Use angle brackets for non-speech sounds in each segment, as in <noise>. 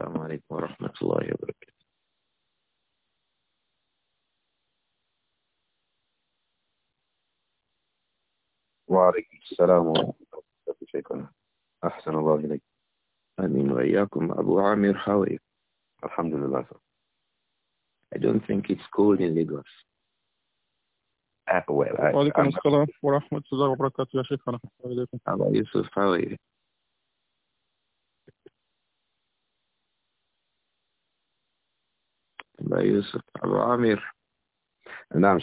السلام عليكم ورحمة الله وبركاته وعليكم السلام ورحمة الله وبركاته شيخنا أحسن الله إليك آمين وإياكم أبو عامر حاوي الحمد لله sir. I don't think it's cold in Lagos. Uh, well, I, وعليكم السلام ورحمة الله وبركاته يا شيخنا. أبو يوسف حاوي Yusuf Abu Amir. And I'm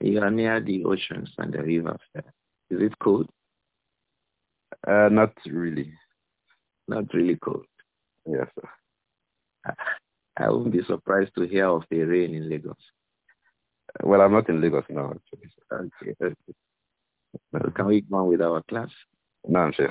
You are near the oceans and the rivers. Is it cold? Uh, not really. Not really cold. Yes, sir. I wouldn't be surprised to hear of the rain in Lagos. Well, I'm not in Lagos now, actually. Okay, okay. can we go on with our class? No, I'm Sheikh.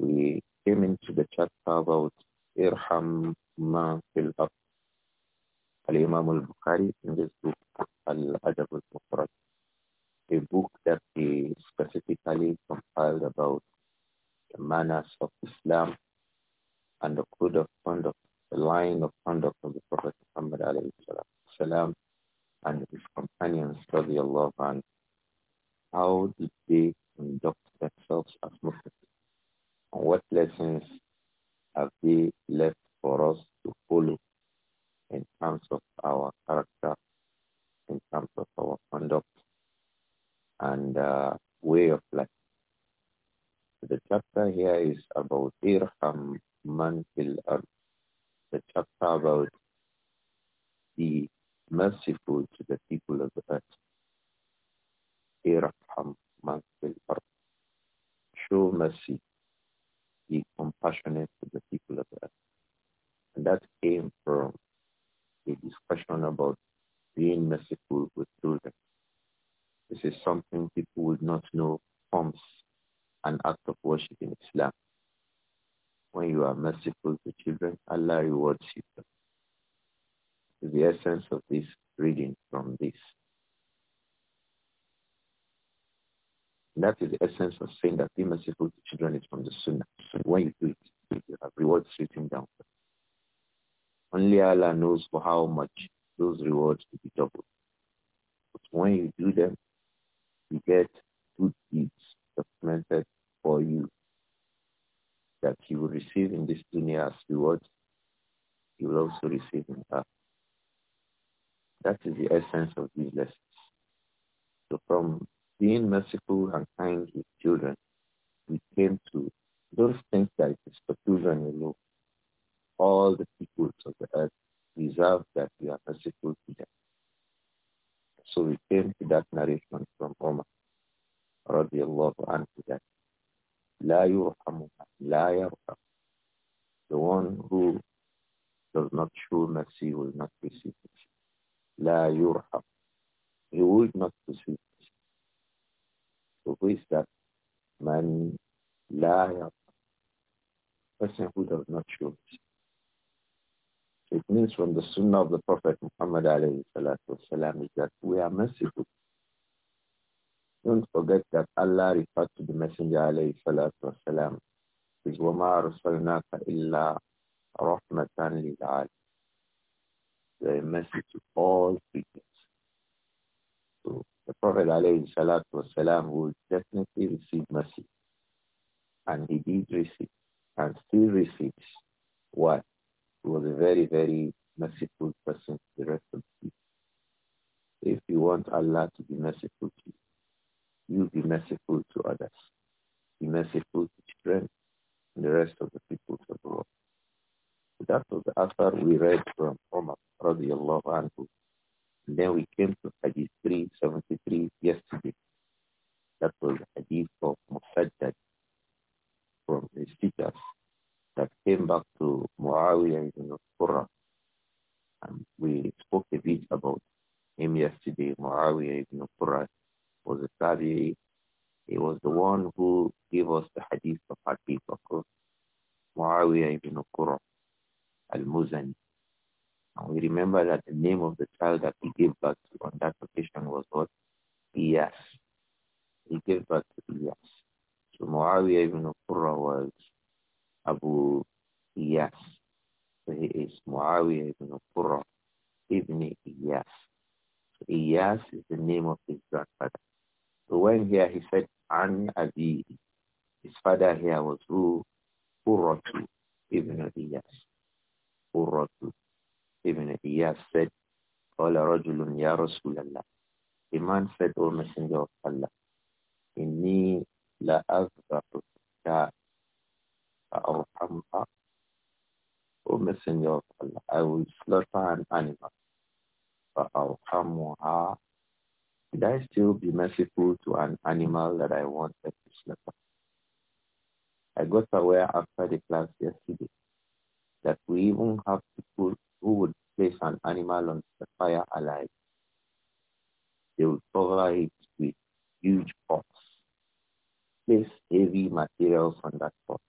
we came into the chapter about Irham Man fil Al-Imam al-Bukhari in this book, Al-Adab al-Mufrad, a book that he specifically compiled about the manners of Islam and the code of conduct, the line of conduct of the Prophet Muhammad salam, and his companions, radiallahu anhu. How did they conduct themselves as Muslims? what lessons have they left for us to follow in terms of our character, in terms of our conduct and uh, way of life? The chapter here is about Irham Man fil The chapter about the merciful to the people of the earth. Irham Man fil Show mercy be compassionate to the people of earth. And that came from a discussion about being merciful with children. This is something people would not know forms an act of worship in Islam. When you are merciful to children, Allah rewards you. The essence of this reading from this that is the essence of saying that being merciful to children is from the Sunnah. So when you do it, you have rewards written down. Only Allah knows for how much those rewards will be doubled. But when you do them, you get good deeds documented for you that you will receive in this dunya as rewards, you will also receive in that. That is the essence of these lessons. So from being merciful and kind with children, we came to don't think that it is for children alone. All the peoples of the earth deserve that we are merciful to them. So we came to that narration from Omar radiallahu anhu that لا yurhamu, لا يرحم. The one who does not show mercy will not receive mercy. لا يرحم. He will not receive so who is that? Man liar. Person who does not show. It means from the sunnah of the Prophet Muhammad والسلام, is that we are merciful. Don't forget that Allah referred to the Messenger alayhi salatu wasalam is وَمَا رَسَلْنَاكَ إِلَّا رَحْمَةً لِلْعَالَمِينَ The message to all people. So the Prophet والسلام, would definitely receive mercy. And he did receive and still receives. Why? He was a very, very merciful person to the rest of the people. If you want Allah to be merciful to you, you be merciful to others. Be merciful to children and the rest of the people of the world. that was the author we read from Umar radiallahu anhu and then we came to Hadith 373 yesterday. That was the Hadith of Musaddad from the speakers that came back to Muawiyah ibn Qurra. And we spoke a bit about him yesterday. Muawiyah ibn Qurra was a tabi'i. He was the one who gave us the Hadith of Hadith of Muawiyah ibn Qurra al-Muzani. And we remember that the name of the child that he gave birth to on that occasion was what? Iyas. He gave birth to Iyas. So Muawiyah ibn Qurra was Abu Iyas. So he is Muawiyah ibn Qurra ibn Iyas. So Iyas is the name of his grandfather. So when here he said An Abi, his father here was who? Qurratu ibn Iyas. Qurratu Ibn Iyas said, Qala rajulun ya Rasulallah. A man said, O Messenger of Allah, Inni la azbatu fa'arhamha. O Messenger of Allah, I will slaughter an animal. Fa'arhamuha. Should I still be merciful to an animal that I wanted to slaughter? I got aware after the class yesterday that we even have people who would place an animal on the fire alive. They would cover it with huge pots, place heavy materials on that pot,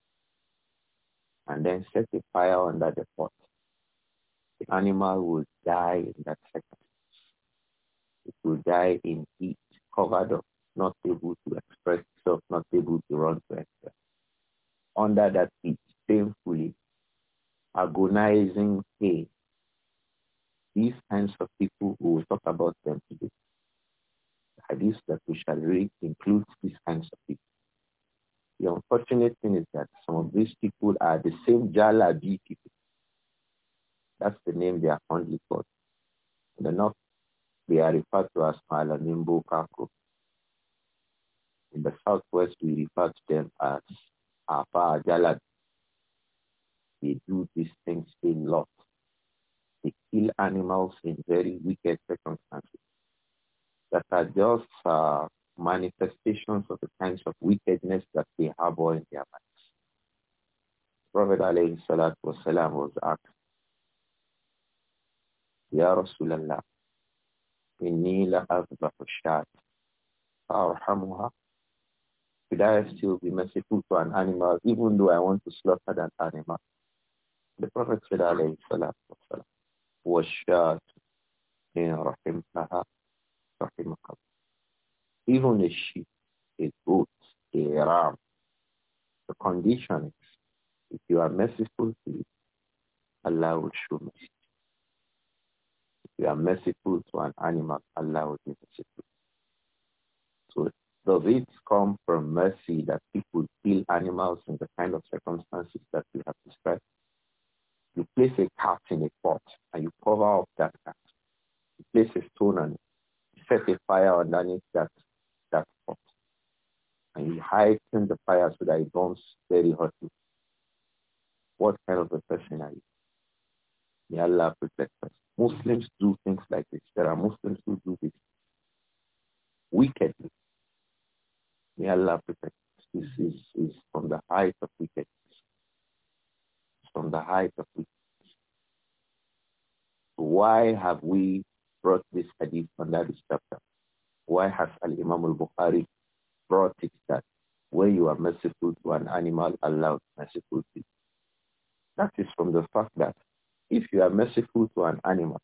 and then set the fire under the pot. The animal would die in that second. It would die in heat, covered up, not able to express itself, not able to run to itself. Under that heat, painfully, agonizing pain these kinds of people, we will talk about them today. The hadith that we shall read includes these kinds of people. The unfortunate thing is that some of these people are the same Jalabi people. That's the name they are fondly called. In the north, they are referred to as Malanimbo Kako. In the southwest, we refer to them as Apa Jalabi. They do these things in lots. They kill animals in very wicked circumstances that are just uh, manifestations of the kinds of wickedness that they harbor in their minds. Prophet alayhi salatu wasalam was asked, Ya Rasulallah, inni la azbahu shat, arhamuha. Should I still be merciful to an animal even though I want to slaughter that animal? The Prophet said alayhi salatu wasalam, والشاة إن رحمتها رحمك Even a sheep, a goat, a ram, the condition is if you are merciful to it, Allah will show mercy. If you are merciful to an animal, Allah will be merciful. So does it come from mercy that people kill animals in the kind of circumstances that we have described? You place a cat in a pot and you cover up that cat. You place a stone and set a fire underneath that, that pot. And you heighten the fire so that it burns very hotly. What kind of a person are you? May Allah protect us. Muslims do things like this. There are Muslims who do this wickedly. May Allah protect us. This is, is from the height of wickedness from the height of it. Why have we brought this hadith under this chapter? Why has Al-Imam al-Bukhari brought it that when you are merciful to an animal, Allah is merciful to you? That is from the fact that if you are merciful to an animal,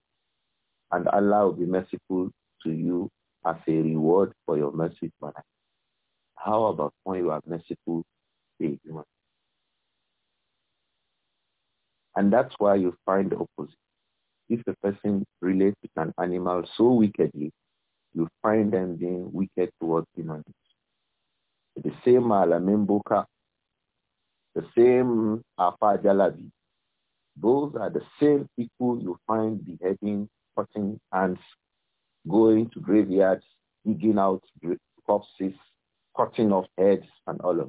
and Allah will be merciful to you as a reward for your mercy to an animal. How about when you are merciful to a human? And that's why you find the opposite. If a person relates with an animal so wickedly, you find them being wicked towards human The same Alamin the same Afa Jalabi, those are the same people you find beheading, cutting hands, going to graveyards, digging out corpses, cutting off heads and all of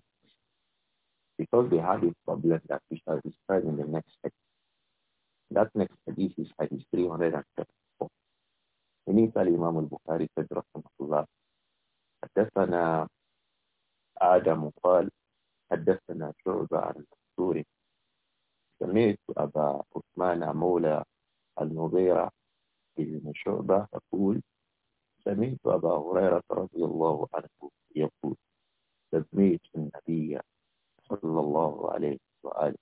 because they had a problem that we shall describe in the next hadith. That next hadith is hadith 334. إنيس الإمام البخاري سيد رحمه الله حدثنا آدم قال حدثنا شعبة عن منصور سمعت أبا عثمان مولى المغيرة بن شعبة يقول سمعت أبا هريرة رضي الله عنه يقول سمعت النبي الله عليه وآله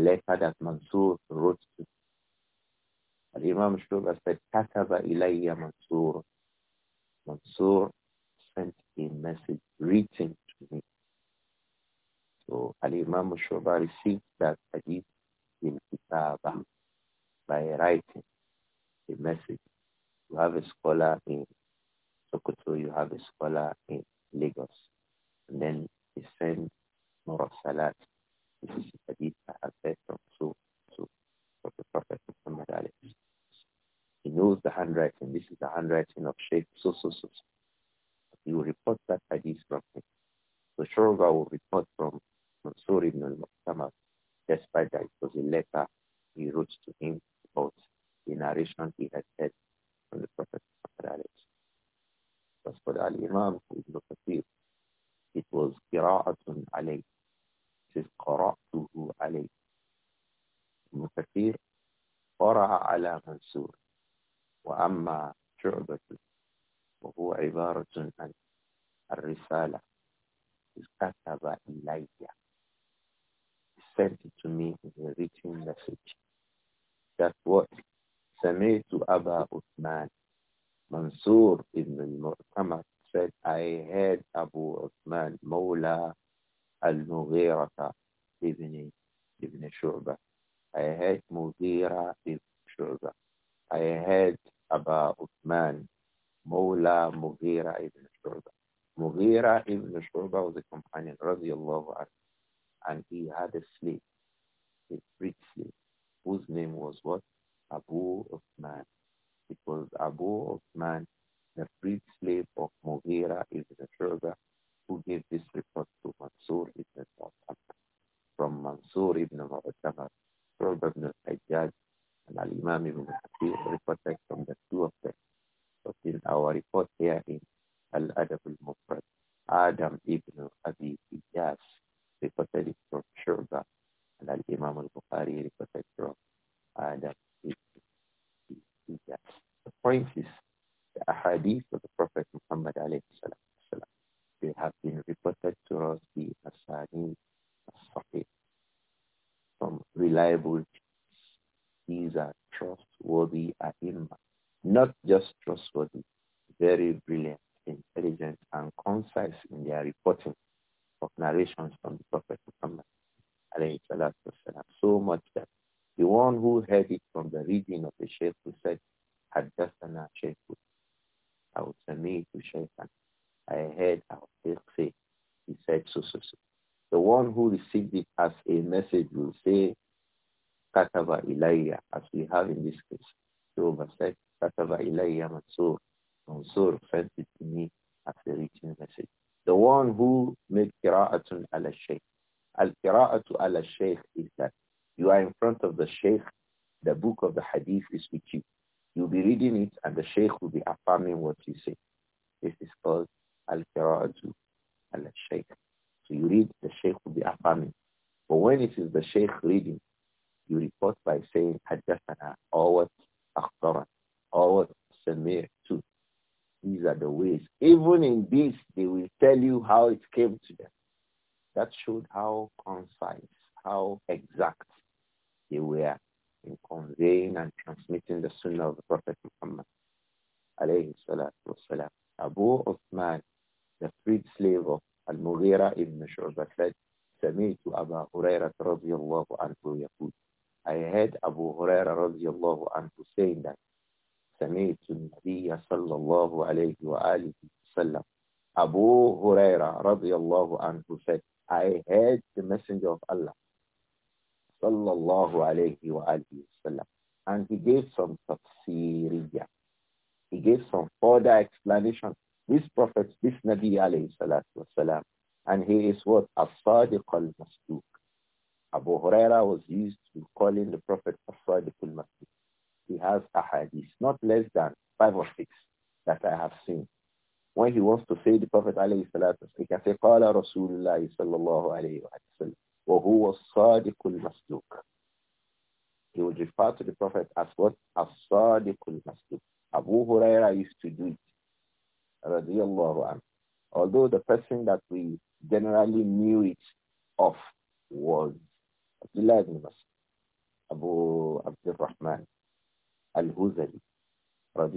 letter that Mansur wrote to. And Imam Shuba said, Kataba ilayya Mansur. Mansur sent a message written to me. So Al-Imam Shuba received that hadith in Kitaba by writing a message. You have a scholar in reliable. These are trustworthy Aima. Not just trustworthy, very brilliant. ilayya, as we have in this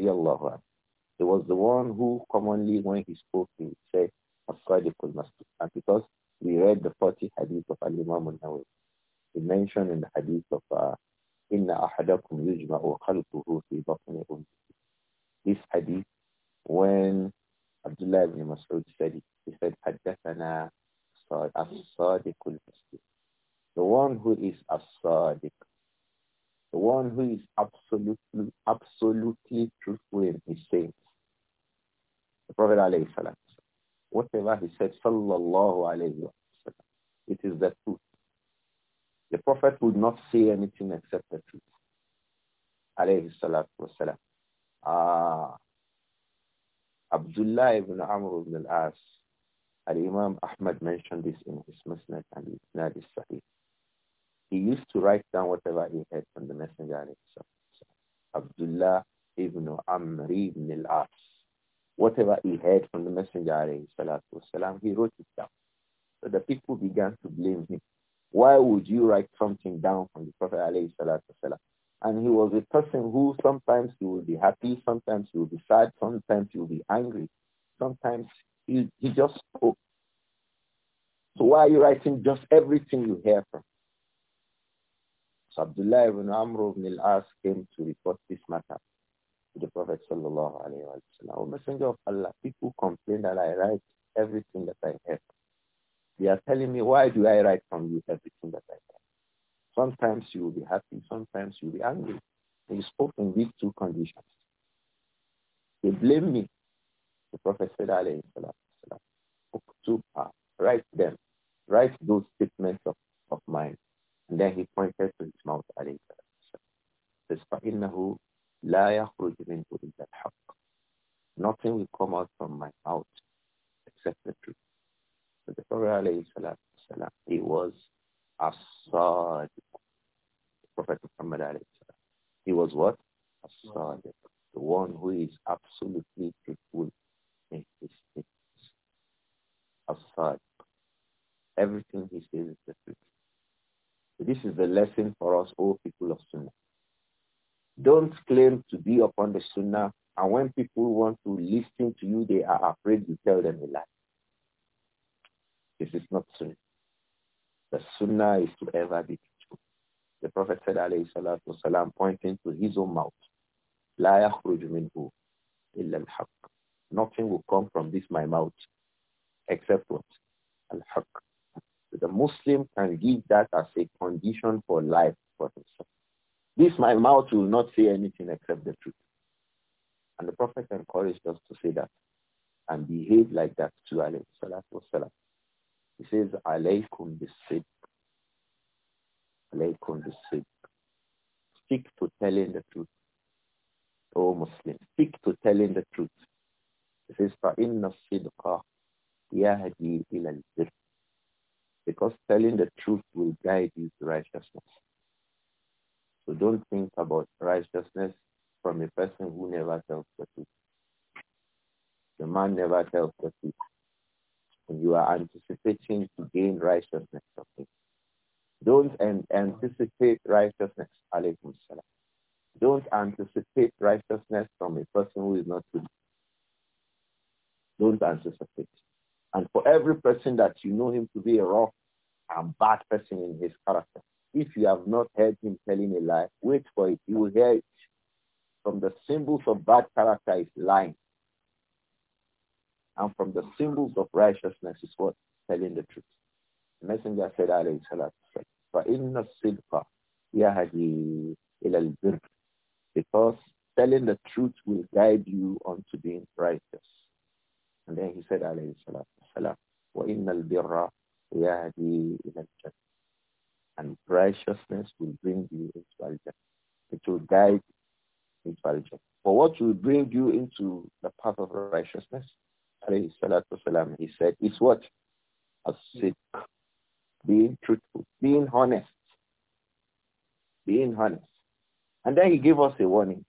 radiallahu He was the one who commonly, when he spoke, he said, Asadiqul Masjid. And because we read the 40 hadith of Al-Imam al-Nawawi, he mentioned in the hadith of uh, Inna ahadakum yujma'u khalquhu fi This hadith, when Abdullah ibn Mas'ud said it, alayhi salam. Whatever he said, sallallahu alayhi wa sallam, it is the truth. The Prophet would not say anything except the truth. Alayhi salatu wa salam. Ah, Abdullah ibn Amr ibn al-As, Al-Imam Ahmad mentioned this in his Musnad and Isnad sahih He used to write down whatever he heard from the Messenger. Himself. Abdullah ibn Amr ibn al-As whatever he heard from the messenger, والسلام, he wrote it down. So the people began to blame him. Why would you write something down from the Prophet And he was a person who sometimes he would be happy, sometimes he would be sad, sometimes he would be angry, sometimes he, he just spoke. So why are you writing just everything you hear from? So Abdullah ibn Amr ibn al-As came to report this matter to the Prophet O Messenger of Allah, people complain that I write everything that I have. They are telling me, why do I write from you everything that I have? Sometimes you will be happy, sometimes you will be angry. You spoke afraid you tell them a lie. This is not sunnah. The sunnah is to ever be true. The Prophet said, alayhi salatu wasalam, pointing to his own mouth, لا يخرج منه إلا الحق. Nothing will come from this my mouth except what? Al-Haq. So the Muslim can give that as a condition for life for himself. This my mouth will not say anything except the truth. And the Prophet encouraged us to say that and behave like that to alayhi salatu wasalam. He says, alaykum bisidq. Alaykum bisidq. Stick to telling the truth. O Muslim, stick to telling the truth. He says, فَإِنَّ الصِّدْقَ يَهْدِي إِلَى الْبِرِّ Because telling the truth will guide you to righteousness. So don't think about righteousness from a person who never tells the truth. The man never tells truth. it. You are anticipating to gain righteousness from him. Don't an anticipate righteousness. Alaykum salam. Don't anticipate righteousness from a person who is not good. Don't anticipate. And for every person that you know him to be a rough and bad person in his character, if you have not heard him telling a lie, wait for it. You will hear it. From the symbols of bad character is lying. And from the symbols of righteousness is what? Telling the truth. The messenger said, alayhi salatu فَإِنَّ الصِّدْقَ يَهَدِي إِلَى الْبِرِّ Because telling the truth will guide you unto being righteous. And then he said, alayhi salatu wasalam, وَإِنَّ الْبِرَّ يَهَدِي إِلَى الْجَنَّةِ And righteousness will bring you into al-jannah. It will guide into al-jannah. But what will bring you into the path of righteousness alayhi salatu wasalam, he said, is what? A sick. Being truthful, being honest. Being honest. And then he gave us a warning.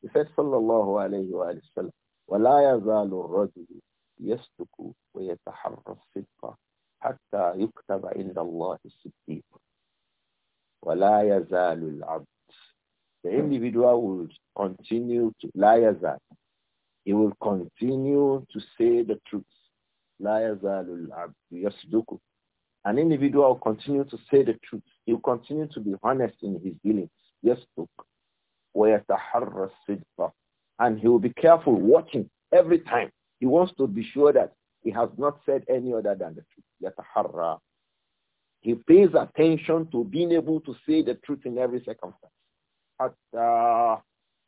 He said, sallallahu alayhi wa sallam, وَلَا يَزَالُ الرَّجُلُ يَسْتُكُ وَيَتَحَرَّ الصِّدْقَ حَتَّى يُكْتَبَ عِنْدَ اللَّهِ الصِّدِّيقُ وَلَا يَزَالُ الْعَبْدُ The individual will continue to, لا يزال, he will continue to say the truth. An individual will continue to say the truth. He will continue to be honest in his dealings. Yes, look. And he will be careful watching every time. He wants to be sure that he has not said any other than the truth. Yataharra. He pays attention to being able to say the truth in every circumstance. But, uh,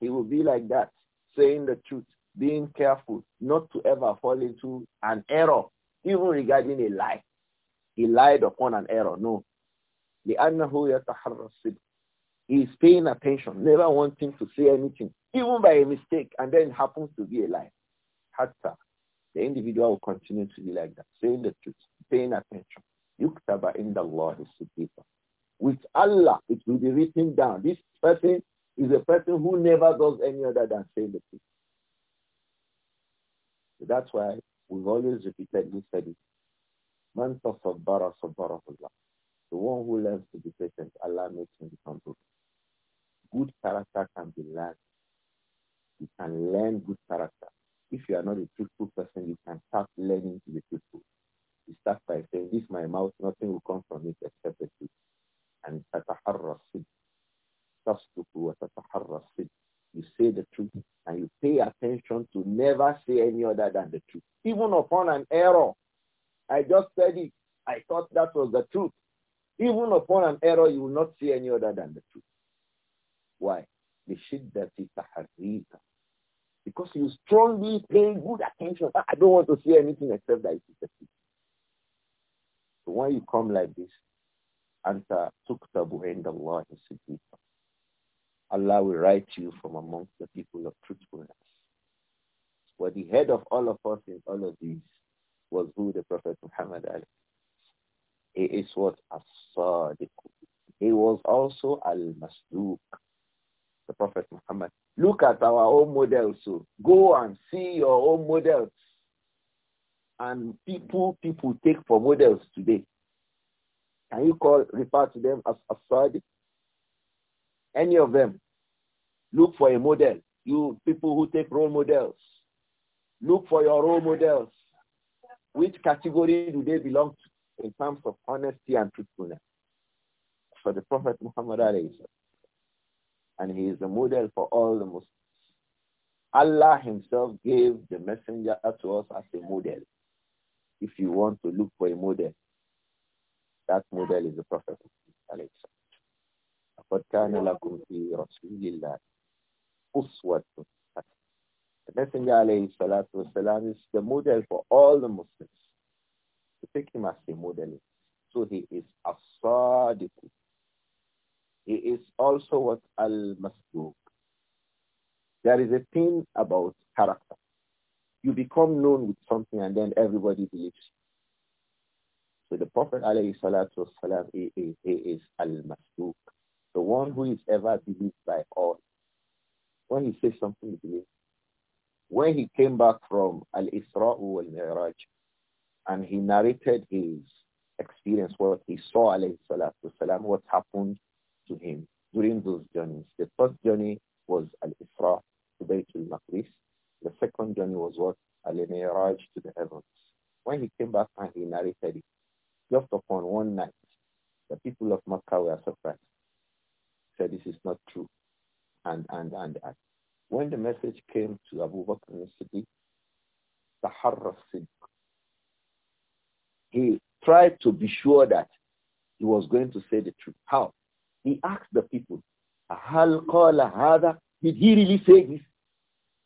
he will be like that, saying the truth being careful not to ever fall into an error, even regarding a lie. He lied upon an error. No. He is paying attention, never wanting to say anything, even by a mistake, and then it happens to be a lie. Hatta. The individual will continue to be like that, saying the truth, paying attention. Yuktaba in the Lord is With Allah, it will be written down. This person is a person who never does any other than saying the truth. So that's why we've always repeated this it. Man tasabbara The one who learns to be patient, Allah makes him become good. Good character can be learned. You can learn good character. If you are not a truthful person, you can start learning to be truthful. You start by saying, this my mouth, nothing will come from it except the truth. And تتحرى الصدق. تصدق وتتحرى الصدق you say the truth and you pay attention to never say any other than the truth. Even upon an error, I just said it. I thought that was the truth. Even upon an error, you will not say any other than the truth. Why? Because you strongly pay good attention. I don't want to say anything except that it is the truth. So when you come like this, أنت تكتب عند الله صديقا Allah will write you from amongst the people of truthfulness. But the head of all of us in all of these was who the Prophet Muhammad Ali. He is what As-Sadiq. He was also Al-Masduq, the Prophet Muhammad. Look at our own models. So oh. go and see your own models. And people, people take for models today. Can you call, refer to them as As-Sadiq? any of them. Look for a model. You people who take role models. Look for your role models. Which category do they belong to in terms of honesty and truthfulness? For the Prophet Muhammad and he is a model for all the Muslims. Allah himself gave the messenger to us as a model. If you want to look for a model, that model is the Prophet. Muhammad لقد كان لكم في رسول الله أسوة The Messenger alayhi salatu wasalam is the model for all the Muslims. To take him as a model. So he is as-sadiq. He is also what al-masduq. There is a thing about character. You become known with something and then everybody believes you. So the Prophet alayhi salatu wasalam, he, he is al-masduq. The one who is ever believed by all. When he says something, he believes. When he came back from Al-Isra al miraj and he narrated his experience, what he saw, alayhi salatu salam, what happened to him during those journeys. The first journey was Al-Isra to Baytul Maqdis. The second journey was what? Al-Miraj to the heavens. When he came back and he narrated it, just upon one night, the people of Makkah were surprised said this is not true. And, and, and, and. When the message came to Abu Bakr al-Siddiq, Taharra Siddiq, he tried to be sure that he was going to say the truth. How? He asked the people, Hal qala hada? Did he really say this?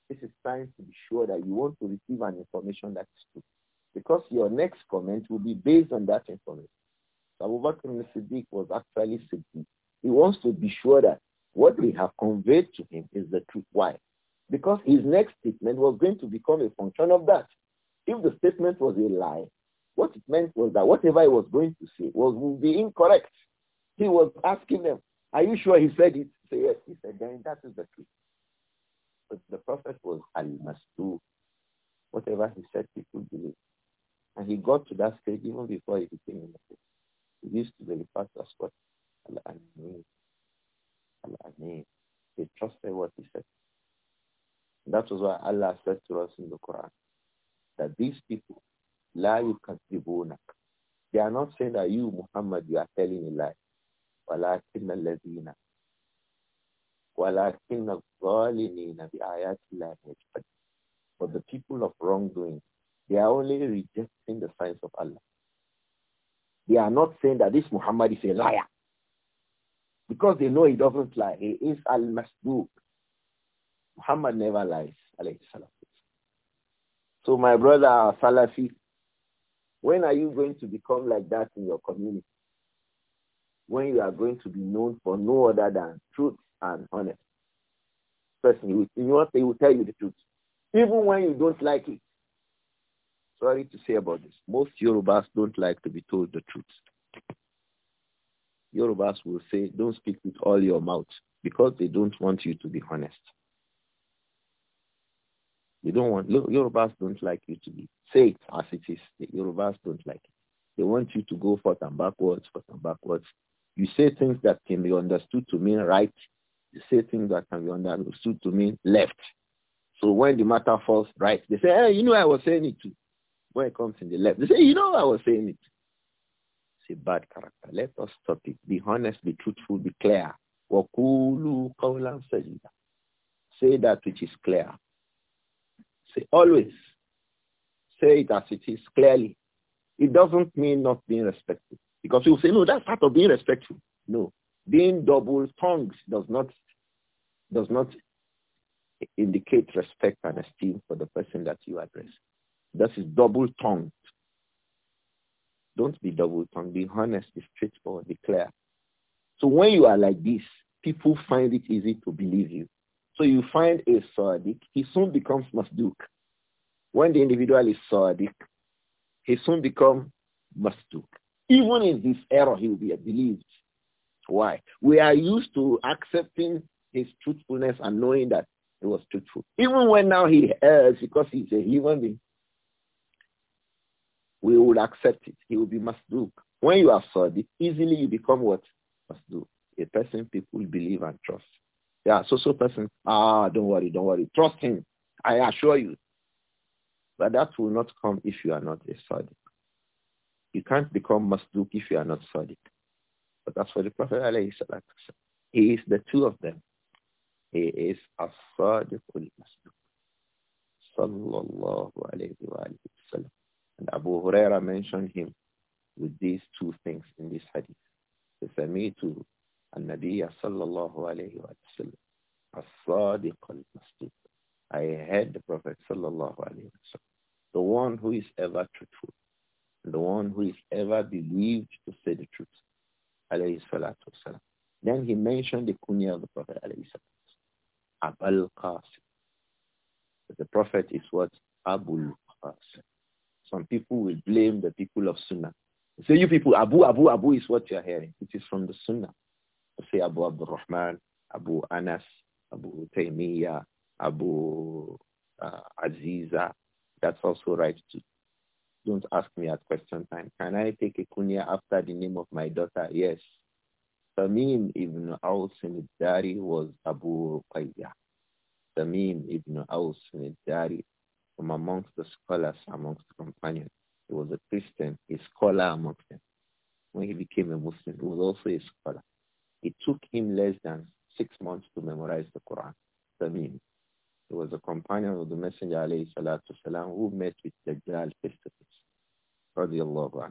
This is trying to be sure that you want to receive an information that is true. Because your next comment will be based on that information. So Abu Bakr al-Siddiq was actually Siddiq. He wants to be sure that what we have conveyed to him is the truth. Why? Because his next statement was going to become a function of that. If the statement was a lie, what it meant was that whatever he was going to say was would be incorrect. He was asking them, are you sure he said it? Say, so yes, he said, then that is the truth. But the prophet was must do Whatever he said, people believe. And he got to that stage even before he became a prophet. He used to be the to as Allah amin He They trusted what he said. And that was why Allah said to us in the Quran that these people, la yukadzibunak. They are not saying that you, Muhammad, you are telling a lie. ولكن الذين ولكن الظالمين بآيات الله يجحدون. But the people of wrongdoing, they are only rejecting the signs of Allah. They are not saying that this Muhammad is a liar. Because they know he doesn't lie. He is al-masduq. Muhammad never lies, So my brother Salafi, when are you going to become like that in your community? When you are going to be known for no other than truth and honest. Person, you what? he will tell you the truth. Even when you don't like it. Sorry to say about this. Most Yorubas don't like to be told the truth. Yorubas will say, don't speak with all your mouth because they don't want you to be honest. They don't want, Yorubas don't like you to be, say it as it is. The Yorubas don't like it. They want you to go forth and backwards, forth and backwards. You say things that can be understood to mean right. You say things that can be understood to mean left. So when the matter falls right, they say, hey, you know I was saying it too. When it comes in the left, they say, you know I was saying it a bad character. Let us stop it. Be honest, be truthful, be clear. Say that which is clear. Say always. Say it as it is clearly. It doesn't mean not being respectful. Because you say, no, that's part of being respectful. No. Being double-tongued does not, does not indicate respect and esteem for the person that you address. This is double-tongued. Don't be double-tongued. Be honest, be straightforward, be clear. So when you are like this, people find it easy to believe you. So you find a Sadiq, he soon becomes Masduk. When the individual is Sadiq, he soon becomes Masduk. Even in this error, he will be believed. Why? We are used to accepting his truthfulness and knowing that he was truthful. Even when now he errs because he's a human being, we will accept it. He will be masduk. When you are sadiq, easily you become what? Masduk. A person people believe and trust. Yeah, so so person, ah, don't worry, don't worry. Trust him. I assure you. But that will not come if you are not a sadiq. You can't become masduk if you are not sadiq. But that's for the Prophet alayhi salatu He is the two of them. He is as-sadiq al-masduk. Sallallahu alayhi wa sallam. And Abu Huraira mentioned him with these two things in this hadith. The سمعت النبي صلى الله عليه وسلم al المصدوق I heard the Prophet صلى الله عليه وسلم the one who is ever truthful the one who is ever believed to say the truth عليه الصلاة والسلام then he mentioned the kunya of the Prophet عليه الصلاة والسلام Abul Qasim the Prophet is what Abul Qasim some people will blame the people of Sunnah. Say, you people, Abu, Abu, Abu is what you're hearing. It is from the Sunnah. Say Abu Abdul Rahman, Abu Anas, Abu Taymiyyah, Abu uh, Aziza. That's also right too. Don't ask me at question time. Can I take a kunya after the name of my daughter? Yes. Tamim ibn Aus al-Dari was Abu Ruqayyah. Tamim ibn Aus al-Dari from amongst the scholars, amongst the companions. He was a Christian, a scholar amongst them. When he became a Muslim, he was also a scholar. It took him less than six months to memorize the Quran. I mean, he was a companion of the Messenger والسلام, who met with Dajjal face to face.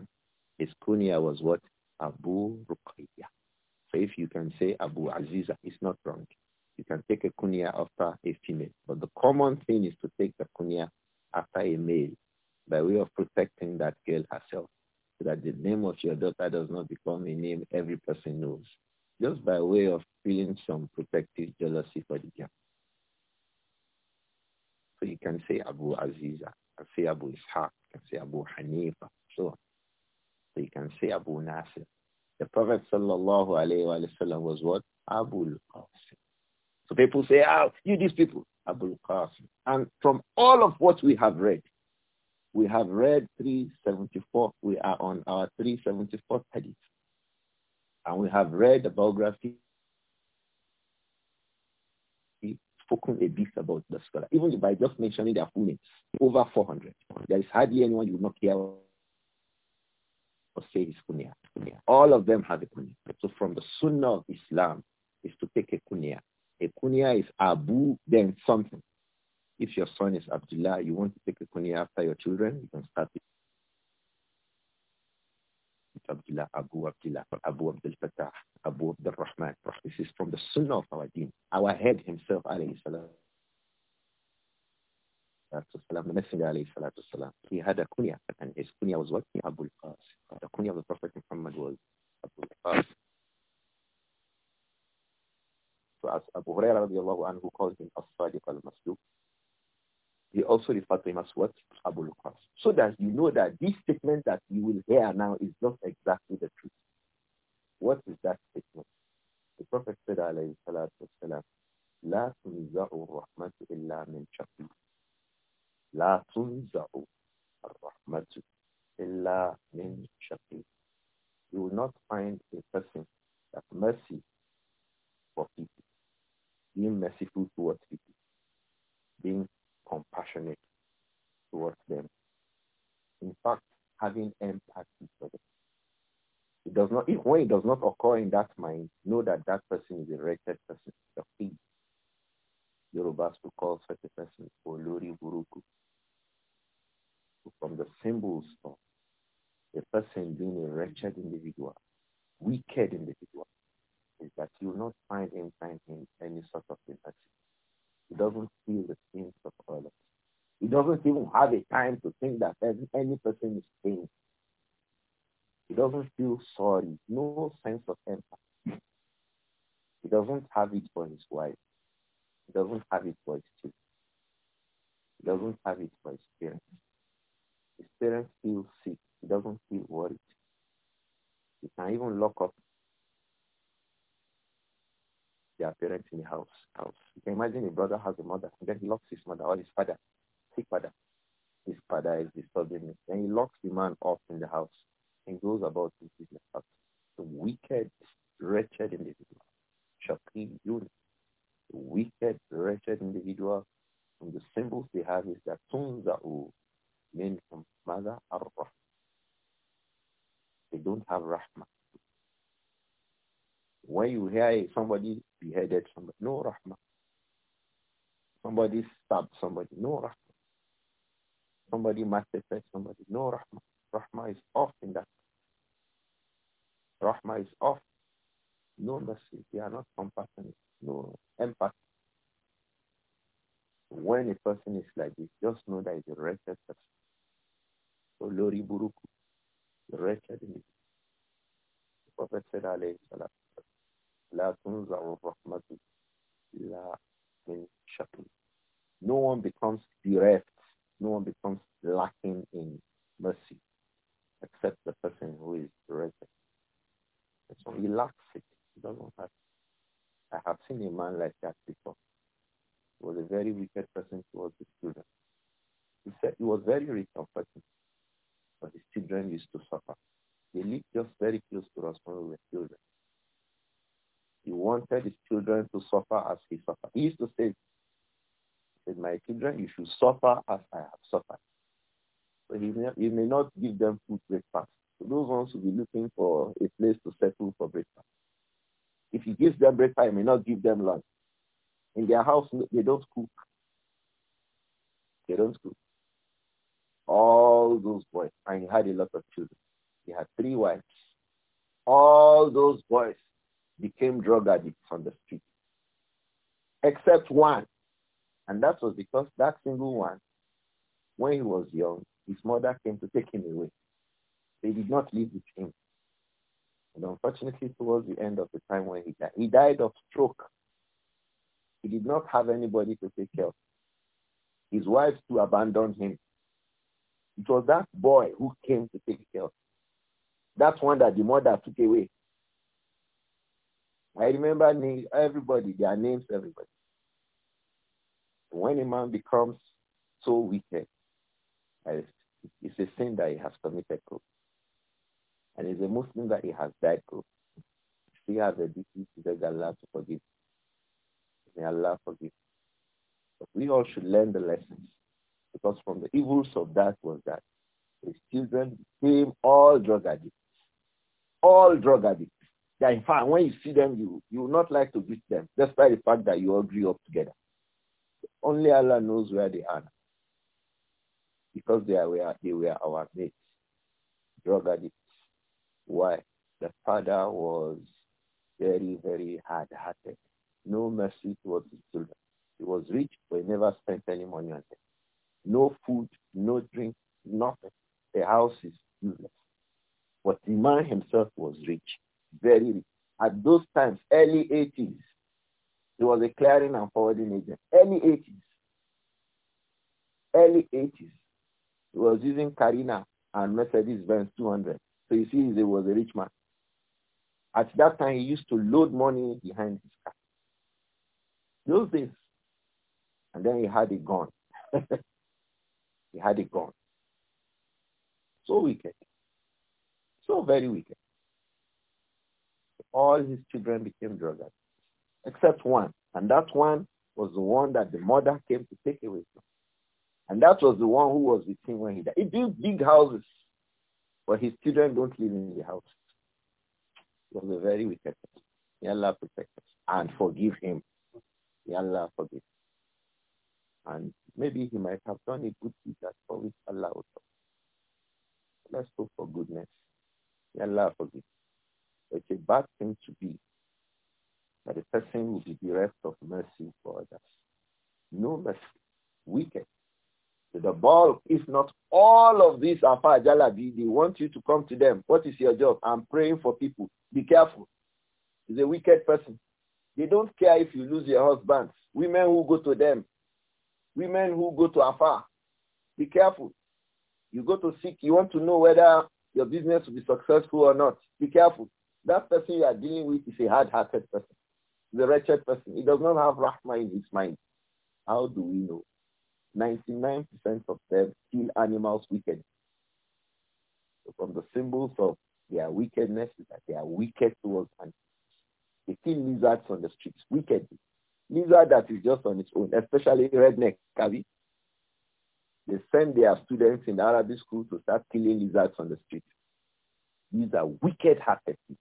His kunya was what? Abu Ruqayya. So if you can say Abu Aziza, it's not wrong. You can take a kunya after a female. But the common thing is to take the kunya after a male by way of protecting that girl herself so that the name of your daughter does not become a name every person knows. Just by way of feeling some protective jealousy for the girl. So you can say Abu Aziza, you can say Abu Ishaq, you can say Abu Hanifa, so on. So you can say Abu Nasir. The Prophet sallallahu alayhi wa was what? Abu al-Qasim. So people say, ah, you these people, Abul Qasim. And from all of what we have read, we have read 374. We are on our 374 hadith. And we have read the biography spoken a bit about the scholar, even by just mentioning their full names, over 400. There is hardly anyone you will not hear or say his kunya. All of them have a kunya. So from the sunnah of Islam is to take a kunya. A kunya is Abu, then something. If your son is Abdullah, you want to take a kunya after your children, you can start it. Abdullah, Abu Abdullah, Abu Abdul Fattah, Abu Abdul Rahman. This is from the sunnah of our deen. Our head himself, alayhi salam, والسلام, the Messenger alayhi salatu wasalam, he had a kunya, and his kunya was what? Abu al-Qasim. The kunya of the Prophet Muhammad was Abu al as Abu Hurairah radiallahu anhu called him As-Sadiq al-Masduq. He also referred to him as what? Abu Lukas. So that you know that this statement that you will hear now is not exactly the truth. What is that statement? The Prophet said, alayhi salatu wasalam, لا تنزع الرحمة إلا من شقي لا تنزع الرحمة إلا من شقي You will not find a person that mercy for people being merciful towards people, being compassionate towards them. In fact, having empathy for them. It does not, if, when it does not occur in that mind, know that that person is a wretched person. The thing. Yorubas to call such a person Olori Buruku. From the symbols of a person being a wretched individual, wicked individual, is that you will not find him in any sort of infection. He doesn't feel the things of others. He doesn't even have a time to think that any person is pain. He doesn't feel sorry, no sense of empathy. He doesn't have it for his wife. He doesn't have it for his children. He doesn't have it for his parents. His parents feel sick. He doesn't feel worried. He can even lock up their parents in the house. house. You can imagine a brother has a mother, and then he locks his mother or his father, sick father. His father is disturbing him, Then he locks the man up in the house and goes about his business. House. The wicked, wretched individual. Shaki Yun. The wicked, wretched individual. And the symbols they have is that Tunza'u men from mother ar They don't have rahmah when you hear somebody beheaded somebody. No rahma. Somebody stabbed somebody. No rahma. Somebody massacred somebody. No rahma. Rahma is off in that. Rahma is off. No mercy. They are not compassionate. No empathy. When a person is like this, just know that he's a wretched person. So Lori Buruku, the wretched individual. The Prophet said, alayhi salam, لا تنزع الرحمة إلا من شكل. No one becomes bereft. No one becomes lacking in mercy except the person who is bereft. So he lacks it. He doesn't have it. I have seen a man like that before. He was a very wicked person towards his children. He said he was very rich and person, but his children used to suffer. They lived just very close to us when we were children. He wanted his children to suffer as he suffered. He used to say, said, my children, you should suffer as I have suffered. So he may, he may not give them food breakfast. So those ones will be looking for a place to settle for breakfast. If he gives them breakfast, he may not give them lunch. In their house, they don't cook. They don't cook. All those boys, and he had a lot of children. He had three wives. All those boys, became drug addicts on the street, except one. And that was because that single one, when he was young, his mother came to take him away. They did not live with him. And unfortunately, towards the end of the time when he died, he died of stroke. He did not have anybody to take care of. His wife to abandon him. It was that boy who came to take care of. That one that the mother took away I remember names, everybody, their names, everybody. When a man becomes so wicked, it's a sin that he has committed to. And it's a Muslim that he has died to. He has a disease to beg Allah to forgive. May Allah forgive. But we all should learn the lessons. Because from the evils of that was that his children became all drug addicts. All drug addicts. That in fact, when you see them, you, you will not like to greet them, despite the fact that you all grew up together. Only Allah knows where they are. Because they, are, they were our mates, drug addicts. Why? The father was very, very hard-hearted. No mercy towards his children. He was rich, but he never spent any money on them. No food, no drink, nothing. The house is useless. But the man himself was rich very At those times, early 80s, he was a clearing and forwarding agent. Early 80s. Early 80s. He was using Carina and Mercedes-Benz 200. So you see, he was a rich man. At that time, he used to load money behind his car. Those days. And then he had it gone. <laughs> he had it gone. So wicked. So very wicked all his children became drug addicts, except one. And that one was the one that the mother came to take away from. And that was the one who was with him when he died. He built big houses, but his children don't live in the house. He was a very wicked person. May Allah protect us and forgive him. May Allah forgive. Him. And maybe he might have done a good deed that for which Allah will forgive. Let's hope for goodness. May Allah forgive. It's a bad thing to be. That the person will be bereft of mercy for others. No mercy. Wicked. So the bulk, if not all of these are Jalabi, they want you to come to them. What is your job? I'm praying for people. Be careful. He's a wicked person. They don't care if you lose your husband. Women who go to them. Women who go to afar. Be careful. You go to seek. You want to know whether your business will be successful or not. Be careful. That person you are dealing with is a hard-hearted person, the wretched person. He does not have rahma in his mind. How do we know? 99% of them kill animals wicked. So from the symbols of their wickedness is that they are wicked towards animals. They kill lizards on the streets, wicked. Lizard that is just on its own, especially redneck, Kavi. They send their students in Arabic school to start killing lizards on the streets. These are wicked-hearted people.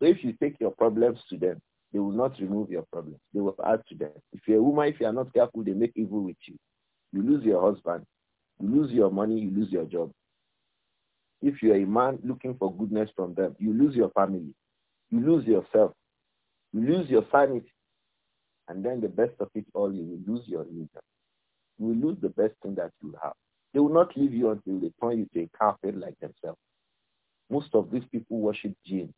So if you take your problems to them, they will not remove your problems. They will add to them. If you're a woman, if you are not careful, they make evil with you. You lose your husband. You lose your money. You lose your job. If you are a man looking for goodness from them, you lose your family. You lose yourself. You lose your sanity. And then the best of it all, you will lose your income. You will lose the best thing that you have. They will not leave you until they turn you to a calf like themselves. Most of these people worship genes.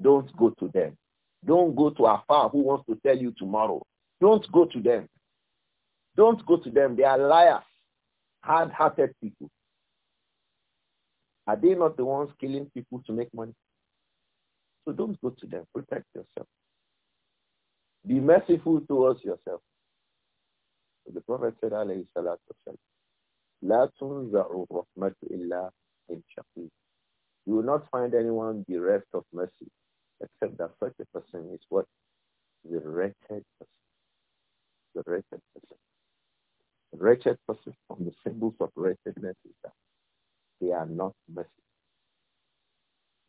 Don't go to them. Don't go to Afar who wants to tell you tomorrow. Don't go to them. Don't go to them. They are liars, hard-hearted people. Are they not the ones killing people to make money? So don't go to them. Protect yourself. Be merciful towards yourself. So the Prophet said, alayhi salatu wasalam, You will not find anyone bereft of mercy except that such a person is what? The wretched person. The wretched person. The wretched person from the symbols of wretchedness is that they are not merciful.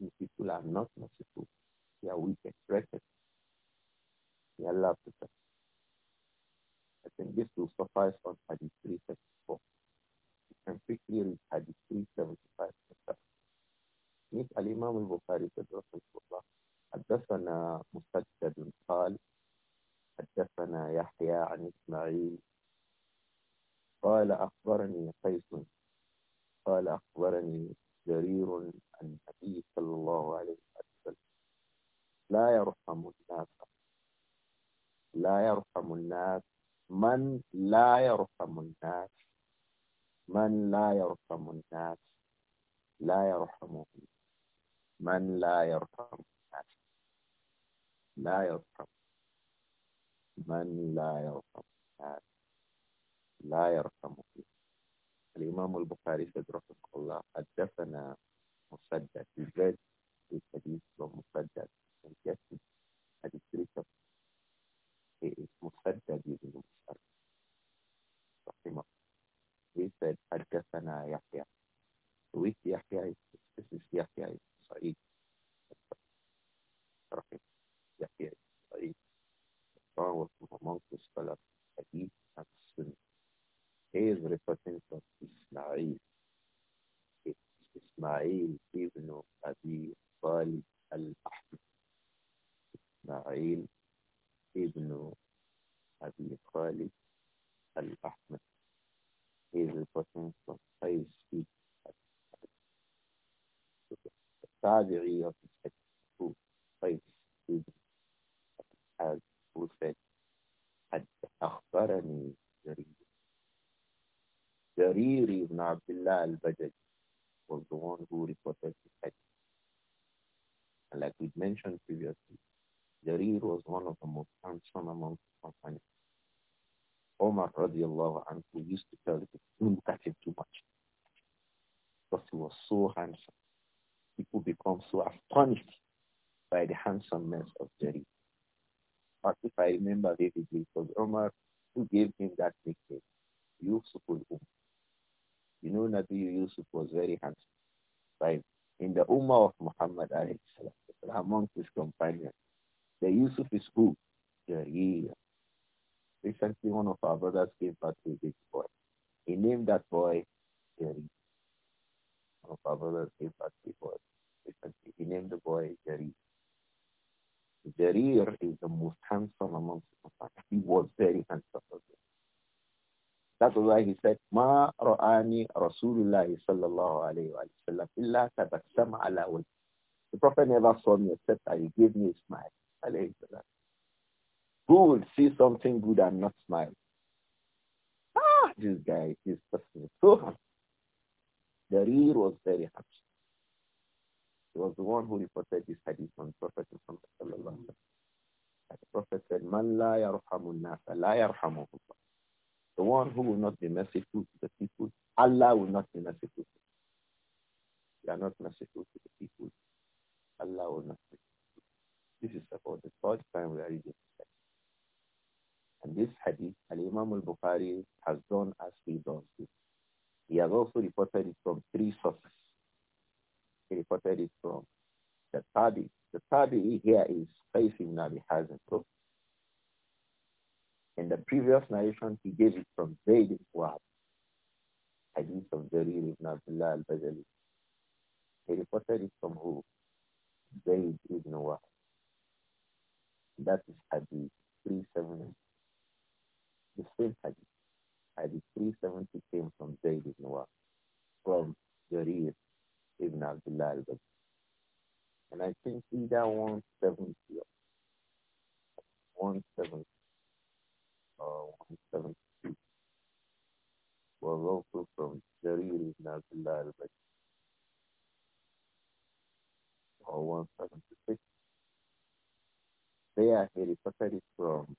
These people are not merciful. They are wicked, wretched. They are loved. I think this will suffice on 3374. You can quickly read 3375. Meet Al-Imam al-Bukhari, the Prophet of Allah. حدثنا مسدد قال حدثنا يحيى عن إسماعيل قال أخبرني قيس قال أخبرني جرير عن النبي صلى الله عليه وسلم لا يرحم الناس لا يرحم الناس من لا يرحم الناس من لا يرحم الناس لا يرحمهم من لا يرحمهم لا يرحم من لا يرحم لا يرحم الإمام البخاري said رحمه الله حدثنا مسدد في read في الحديث ومسدد مسدد الجسد حديث it's في مسدد بن مسدد رحمه he said حدثنا يحيى ويحيى يحيى this is يحيى سعيد رحمه Zakir Sa'id, Safar was amongst the scholars of Hadith is reporting of Ismail. It's Ismail ibn Abi Talib al-Ahmad. Ismail ibn Abi Talib al-Ahmad. is reporting from Qais ibn The Tabi'i of as who said, أخبرني جرير جرير ibn Abdullah al-Bajaj was the one who reported the hadith. And like we mentioned previously, Jarir was one of the most handsome among the companions. Omar radiallahu anhu used to tell people, don't look at him too much. Because he was so handsome. People become so astonished by the handsomeness of Jarir. But if I remember vividly, it was Omar who gave him that nickname, Yusuf al -Um. You know, Nabi Yusuf was very handsome, right? In the Ummah of Muhammad, amongst his companions, the Yusuf is who? Jarir. Recently, one of our brothers gave birth to this boy. He named that boy Jerry. One of our brothers gave birth to a boy. Recently, he named the boy Jerry. Jarir is the most handsome amongst the companions. He was very handsome. That's why he said, Ma ra'ani Rasulullah sallallahu alayhi wa sallam illa tabassama ala wajhi. The Prophet never saw me except that he gave me a smile. Alayhi salam. Who would see something good and not smile? Ah, this guy, this person is so handsome. The was very handsome. He was the one who reported this hadith from Prophet Muhammad The Prophet said, Man la yarhamun nasa, la yarhamuhullah. The one who will not be merciful to the people, Allah will not be merciful to You are not merciful to the people, Allah will not be This is about the third time we are reading this hadith. And this hadith, Al-Imam al-Bukhari has done as we done. He has also reported it from three sources. He reported it from the Tabi. The Tabi here is Qais ibn Abi Hazm. in the previous narration, he gave it from Zayd ibn Wahab, hadith of Jarir ibn Abdullah al-Bajali. He reported it from who? Zayd ibn Wahab. That is hadith 370. The same hadith. Hadith 370 came from Zayd ibn Wahab, from Jarir Ibn Abdullah al And I think either 170 or 170 or uh, 172 was also from Jarir Ibn Abdullah al or uh, 176. There he reported it from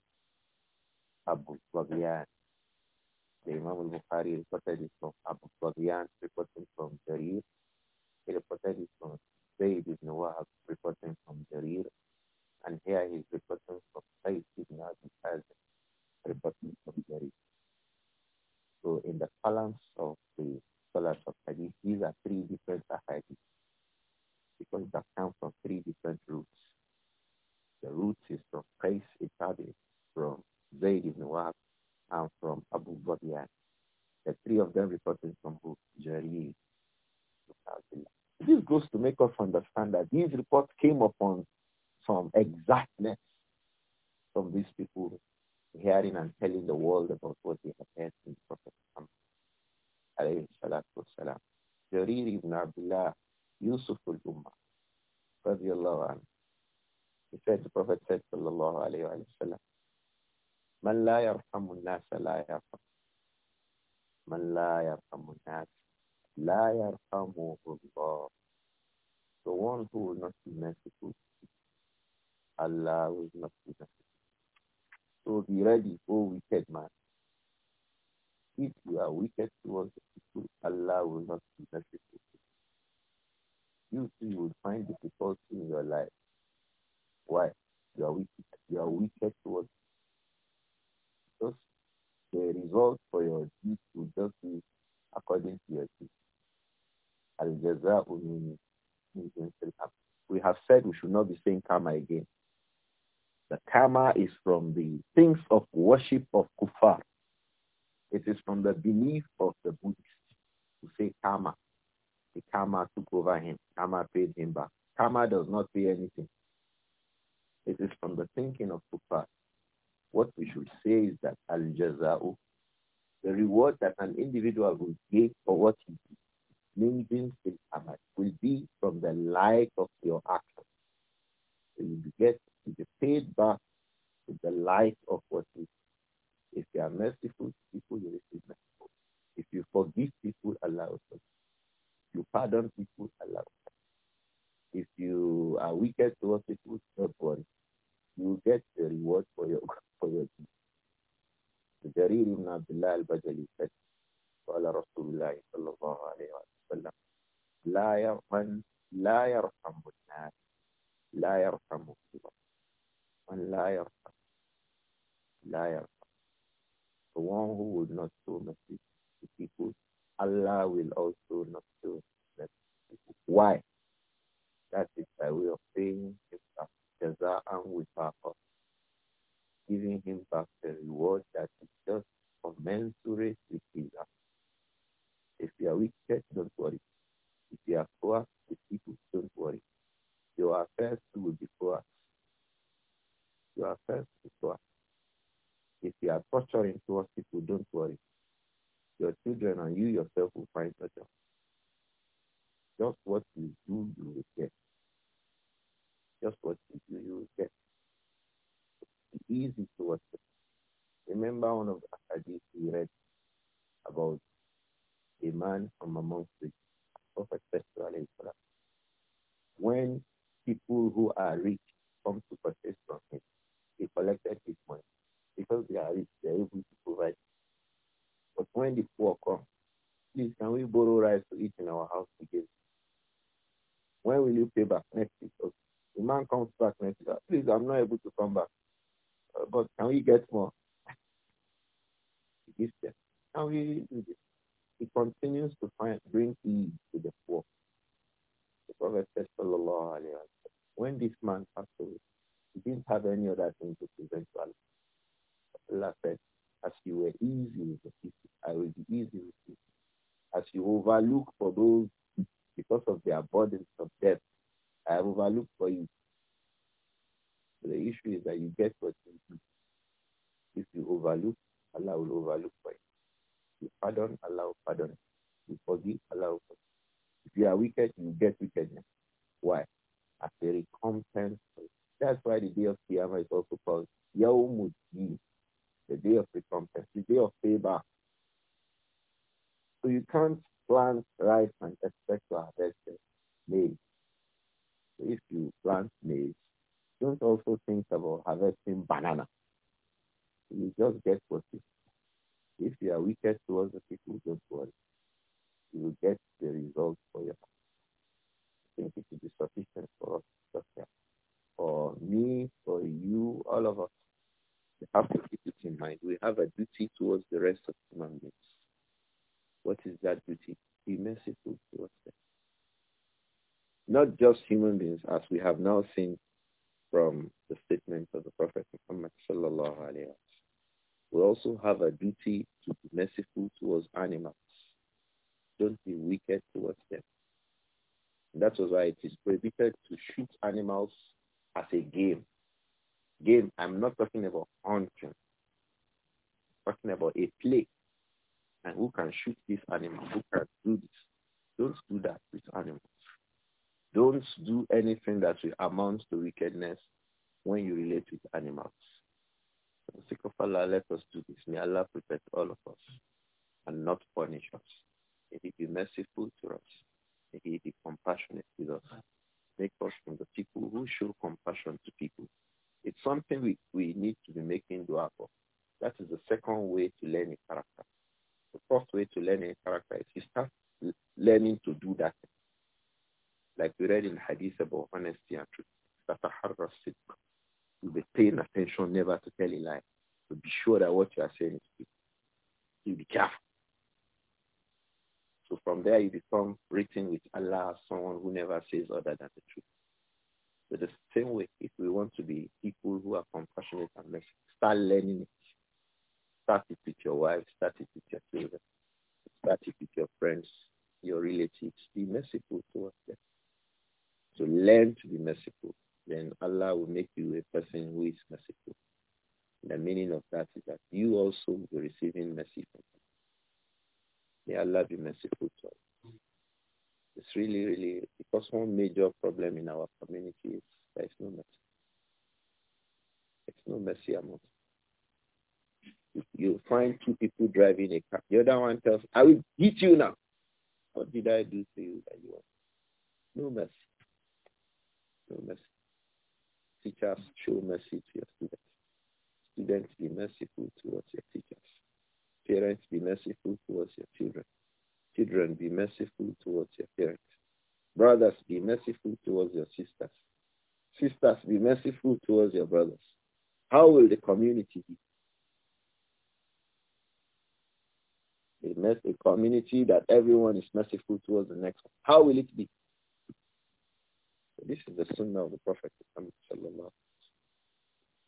Abu Sufyan. The Imam al-Bukhari reported it from Abu Sufyan, reporting from Jarir he reported from Zayd ibn Wahab, reporting from Jarir. And here he is reporting from Sayyid ibn Abi reporting from Jarir. So in the columns of the scholars of Hadith, these are three different Hadiths because they come from three different roots. The root is from Qais Itabi, from Zayd ibn Wahab, and from Abu Babiyan. The three of them reporting from who? Jarir. This goes to make us understand that these reports came upon some exactness from these people hearing and telling the world about what they had heard from Prophet Muhammad. Alayhi Jarir ibn Abdullah, Yusuf al-Ummah, radiallahu anhu. He said, the Prophet said, sallallahu alayhi wa sallam, من لا يرحم الناس لا يرحم la.'" لا يرحم الناس Liar, come over God. The one who will not be merciful, Allah will not be merciful. So be ready, O wicked man. If you are wicked towards the people, Allah will not be merciful. You too will find difficulty in your life. Why? You are wicked. You are wicked towards because the result for your deeds will just be according to your deeds. We have said we should not be saying karma again. The karma is from the things of worship of kuffar. It is from the belief of the Buddhists who say karma. The karma took over him. Karma paid him back. Karma does not pay anything. It is from the thinking of kuffar. What we should say is that al-jaza'u, the reward that an individual will get for what he did Minjin fil will be from the light of your actions. So you get to be paid back with the light of what you do. If you are merciful people, you receive merciful. If you forgive people, allow will If you pardon people, allow will If you are wicked towards people, don't worry. You get the reward for your <laughs> for your deeds. The Jarir ibn bajali said, قال رسول الله صلى الله عليه وسلم لا يرحم لا يرحم الناس لا يرحم الله من لا يرحم لا يرحم the one who would not show mercy to people Allah will also not show mercy to people why that is by way of paying his jaza and with wifaqa giving him back the reward that is just commensurate with his action if you are wicked, don't worry. If you are poor the people, don't worry. Your affairs will be poor. Your affairs will be poor. If you are torturing towards people, don't worry. Your children and you yourself will find torture. Just what you do, you will get. Just what you do, you will get. It's easy to accept. Remember one of the hadiths we read about a man from amongst the Prophet When people who are rich come to purchase from him, he collected his money. Because they are rich, they are able to provide. But when the poor come, please can we borrow rice to eat in our house again? When will you pay back next week? Okay. The man comes back next week. Ah, please, I'm not able to come back. Uh, but can we get more? <laughs> He gives them. Can we do this? he continues to find, bring ease to the poor. The Prophet Sallallahu Alaihi Wasallam, when this man passed away, he didn't have any other thing to present to Allah. Allah said, as you were easy with the people, I will be easy with you. As you overlook for those because of their burdens of debt, I overlook for you. So the issue is that you get what you do. If you overlook, Allah will overlook for you. You pardon, allow pardon. You forgive, allow forgive. If you are wicked, you get wickedness. Why? As a recompense. That's why the day of Qiyamah is also called Yawmuddin, the day of recompense, the day of favor. So you can't plant rice and expect to harvest maize. So if you plant maize, don't also think about harvesting banana. You just get what you if you are wicked towards the people, don't worry. You will get the result for your I think it will be sufficient for us For me, for you, all of us. We have to keep it in mind. We have a duty towards the rest of human beings. What is that duty? Be merciful towards them. Not just human beings, as we have now seen from the statement of the Prophet Muhammad sallallahu alayhi wa sallam. We also have a duty to be merciful towards animals. Don't be wicked towards them. And that was why it is prohibited to shoot animals as a game. Game, I'm not talking about hunting. I'm talking about a play. And who can shoot this animal? Who can do this? Don't do that with animals. Don't do anything that will amount to wickedness when you relate with animals the sake of Allah, let us do this. May Allah protect all of us and not punish us. May He be merciful to us. May He be compassionate with us. Make us from the people who show compassion to people. It's something we, we need to be making dua for. That is the second way to learn a character. The first way to learn a character is to start learning to do that. Like we read in Hadith about honesty and truth to be paying attention never to tell a lie, to be sure that what you are saying is true. You be careful. So from there you become written with Allah as someone who never says other than the truth. So the same way, if we want to be people who are compassionate and merciful, start learning it. Start it with your wife, start it with your children, start it with your friends, your relatives. Be merciful towards them. So learn to be merciful then Allah will make you a person who is merciful. The meaning of that is that you also will be receiving mercy from May Allah be merciful to us. It's really, really, because one major problem in our community is there is no mercy. There's no mercy among us. You find two people driving a car. The other one tells, I will beat you now. What did I do to you that you want? No mercy. No mercy. Teachers, show mercy to your students. Students, be merciful towards your teachers. Parents, be merciful towards your children. Children, be merciful towards your parents. Brothers, be merciful towards your sisters. Sisters, be merciful towards your brothers. How will the community be? A, community that everyone is merciful towards the next. How will it be? This is the sunnah of the Prophet Muhammad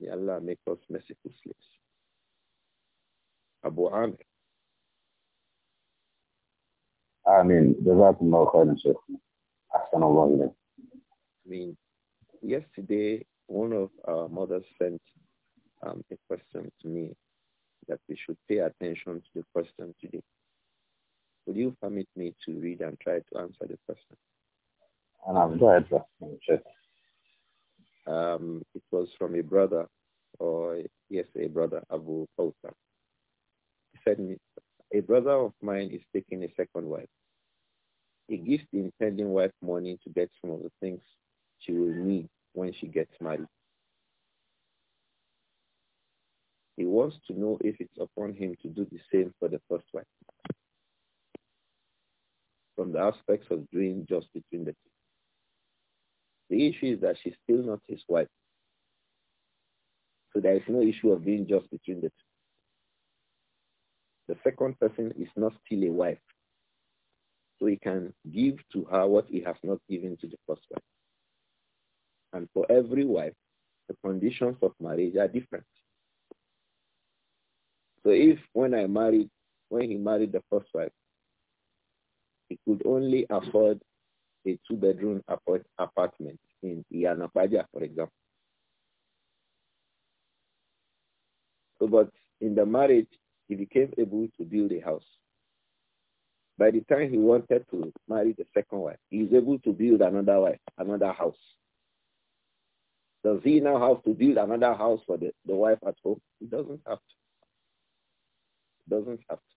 May Allah make us merciful slaves. Abu Amir. Amin. Jazakumullah khairan, Shaykh. Ahsanallah ilayk. I mean, yesterday, one of our mothers sent um, a question to me that we should pay attention to the question today. Would you permit me to read and try to answer the question? And go ahead, bro. Um, it was from a brother, or yes, a brother, Abu Fawsa. He said, a brother of mine is taking a second wife. He gives the intending wife money to get some of the things she will need when she gets married. He wants to know if it's upon him to do the same for the first wife. From the aspects of doing just between the two. The issue is that she's still not his wife. So there is no issue of being just between the two. The second person is not still a wife. So he can give to her what he has not given to the first wife. And for every wife, the conditions of marriage are different. So if when I married, when he married the first wife, he could only afford a two-bedroom apartment in Yanapaja, for example. So, but in the marriage, he became able to build a house. By the time he wanted to marry the second wife, he is able to build another wife, another house. Does he now have to build another house for the, the wife at home? He doesn't have to. Doesn't have to.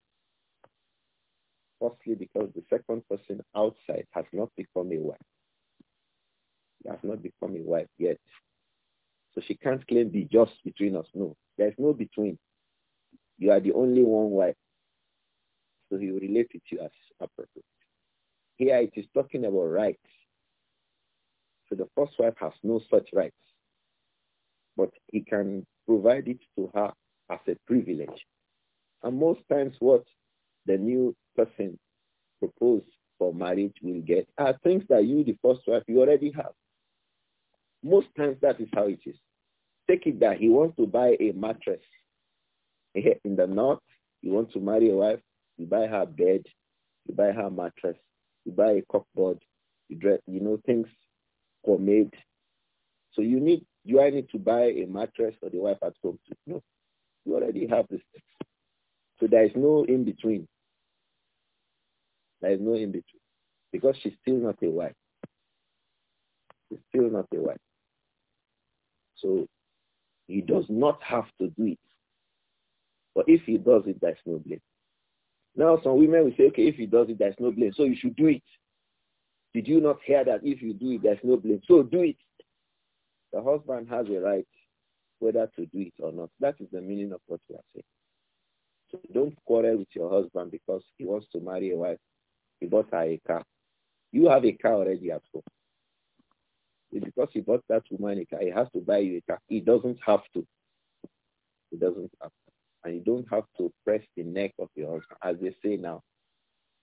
Firstly, because the second person outside has not become a wife. He has not become a wife yet. So she can't claim be just between us. No, there's no between. You are the only one wife. So he will relate it to you as appropriate. Here it is talking about rights. So the first wife has no such rights. But he can provide it to her as a privilege. And most times what the new person proposed for marriage will get are things that you, the first wife, you already have. Most times that is how it is. Take it that he wants to buy a mattress. In the north, you want to marry a wife, you buy her bed, you buy her mattress, you buy a cupboard, you dress, you know, things for maid. So you need, you I need to buy a mattress for the wife at home. Too. No, you already have this. So there is no in between. There is no in between because she's still not a wife. She's still not a wife. So he does not have to do it. But if he does it, there's no blame. Now some women will say, okay, if he does it, there's no blame. So you should do it. Did you not hear that if you do it, there's no blame? So do it. The husband has a right whether to do it or not. That is the meaning of what we are saying. So don't quarrel with your husband because he wants to marry a wife he bought her a car. You have a car already at home. It's because he bought that woman a car. He has to buy you a car. He doesn't have to. He doesn't have to. And you don't have to press the neck of your husband. As they say now,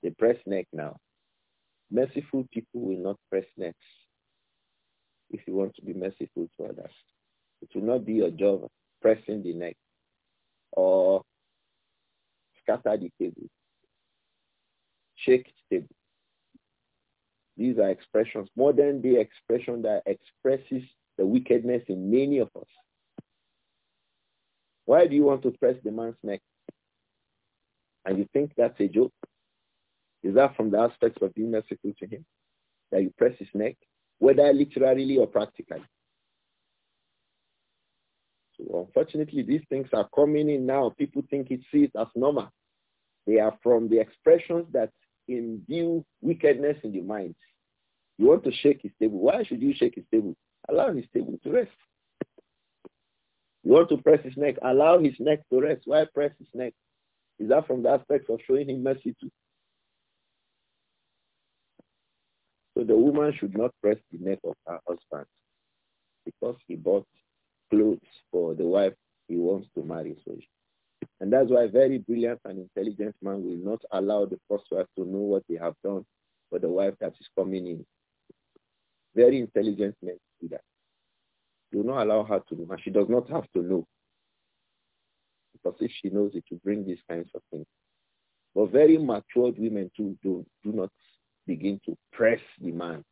they press neck now. Merciful people will not press necks if you want to be merciful to others. It will not be your job pressing the neck or scatter the table. Sheikh Table. These are expressions, modern day expression that expresses the wickedness in many of us. Why do you want to press the man's neck? And you think that's a joke? Is that from the aspects of being merciful to him? That you press his neck, whether literally or practically. So unfortunately, these things are coming in now. People think it's it as normal. They are from the expressions that imbue wickedness in your mind. You want to shake his table. Why should you shake his table? Allow his table to rest. You want to press his neck. Allow his neck to rest. Why press his neck? Is that from the aspect of showing him mercy too? So the woman should not press the neck of her husband because he bought clothes for the wife he wants to marry. So she. And that's why a very brilliant and intelligent man will not allow the first wife to know what they have done for the wife that is coming in. Very intelligent men do that. Do not allow her to know. And she does not have to know. Because if she knows, it will bring these kinds of things. But very matured women too do, do not begin to press the man.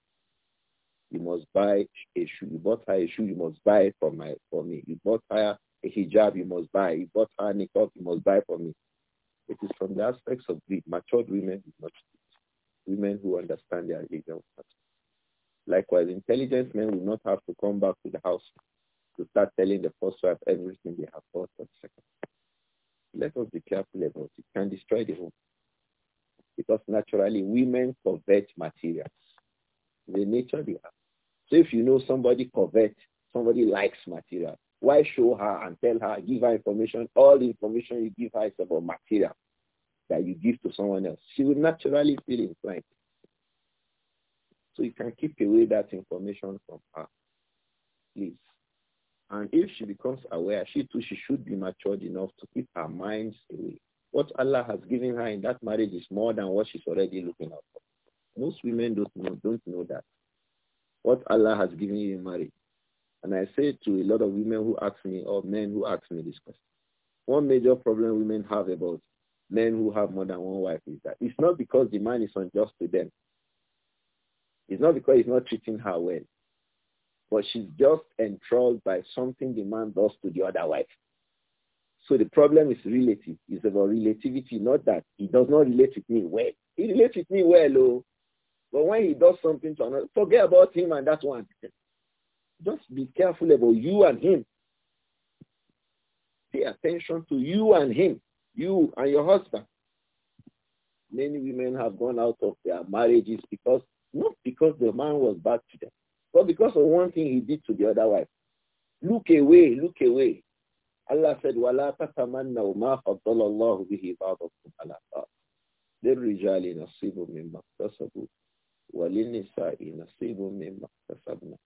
You must buy a shoe. You bought her a shoe. You must buy it for, my, for me. You bought her a hijab you must buy. He bought her niqab, you must buy for me. It is from the aspects of greed. Matured women women who understand their religion. Likewise, intelligent men will not have to come back to the house to start telling the first wife everything they have bought for the second. Let us be careful about it. Can destroy the home. Because naturally, women covet materials. The nature they So if you know somebody covet, somebody likes material, why show her and tell her, give her information? All the information you give her is about material that you give to someone else. She will naturally feel inclined. So you can keep away that information from her, please. And if she becomes aware, she too, she should be matured enough to keep her minds away. What Allah has given her in that marriage is more than what she's already looking out for. Most women don't know, don't know that. What Allah has given you in marriage and I say to a lot of women who ask me or men who ask me this question, one major problem women have about men who have more than one wife is that it's not because the man is unjust to them. It's not because he's not treating her well. But she's just enthralled by something the man does to the other wife. So the problem is relative. It's about relativity, not that he does not relate with me well. He relates with me well, oh. But when he does something to another, forget about him and that one. Just be careful about you and him. Pay attention to you and him, you and your husband. Many women have gone out of their marriages because, not because the man was bad to them, but because of one thing he did to the other wife. Look away, look away. Allah said, وَلَا تَتَمَنَّوْا مَا فَضَّلَ اللَّهُ bihi بَعْضَكُمْ عَلَى بَعْضٍ لِلرِّجَالِ نَصِيبٌ مِمَّا اكْتَسَبُوا وَلِلنِّسَاءِ نَصِيبٌ مِمَّا اكْتَسَبْنَا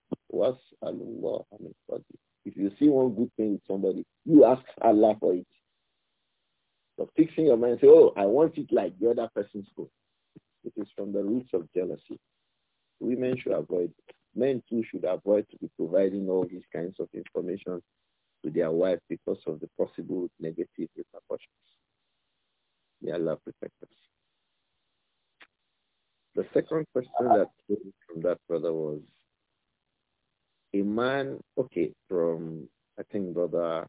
اللَّهَ مِنْ فَضْلِهِ If you see one good thing with somebody, you ask Allah for it. So fixing your mind, say, oh, I want it like the other person's good. It is from the roots of jealousy. Women should avoid, men too should avoid to be providing all these kinds of information to their wife because of the possible negative repercussions. May Allah protect us. The second question that came from that brother was a man, okay, from I think brother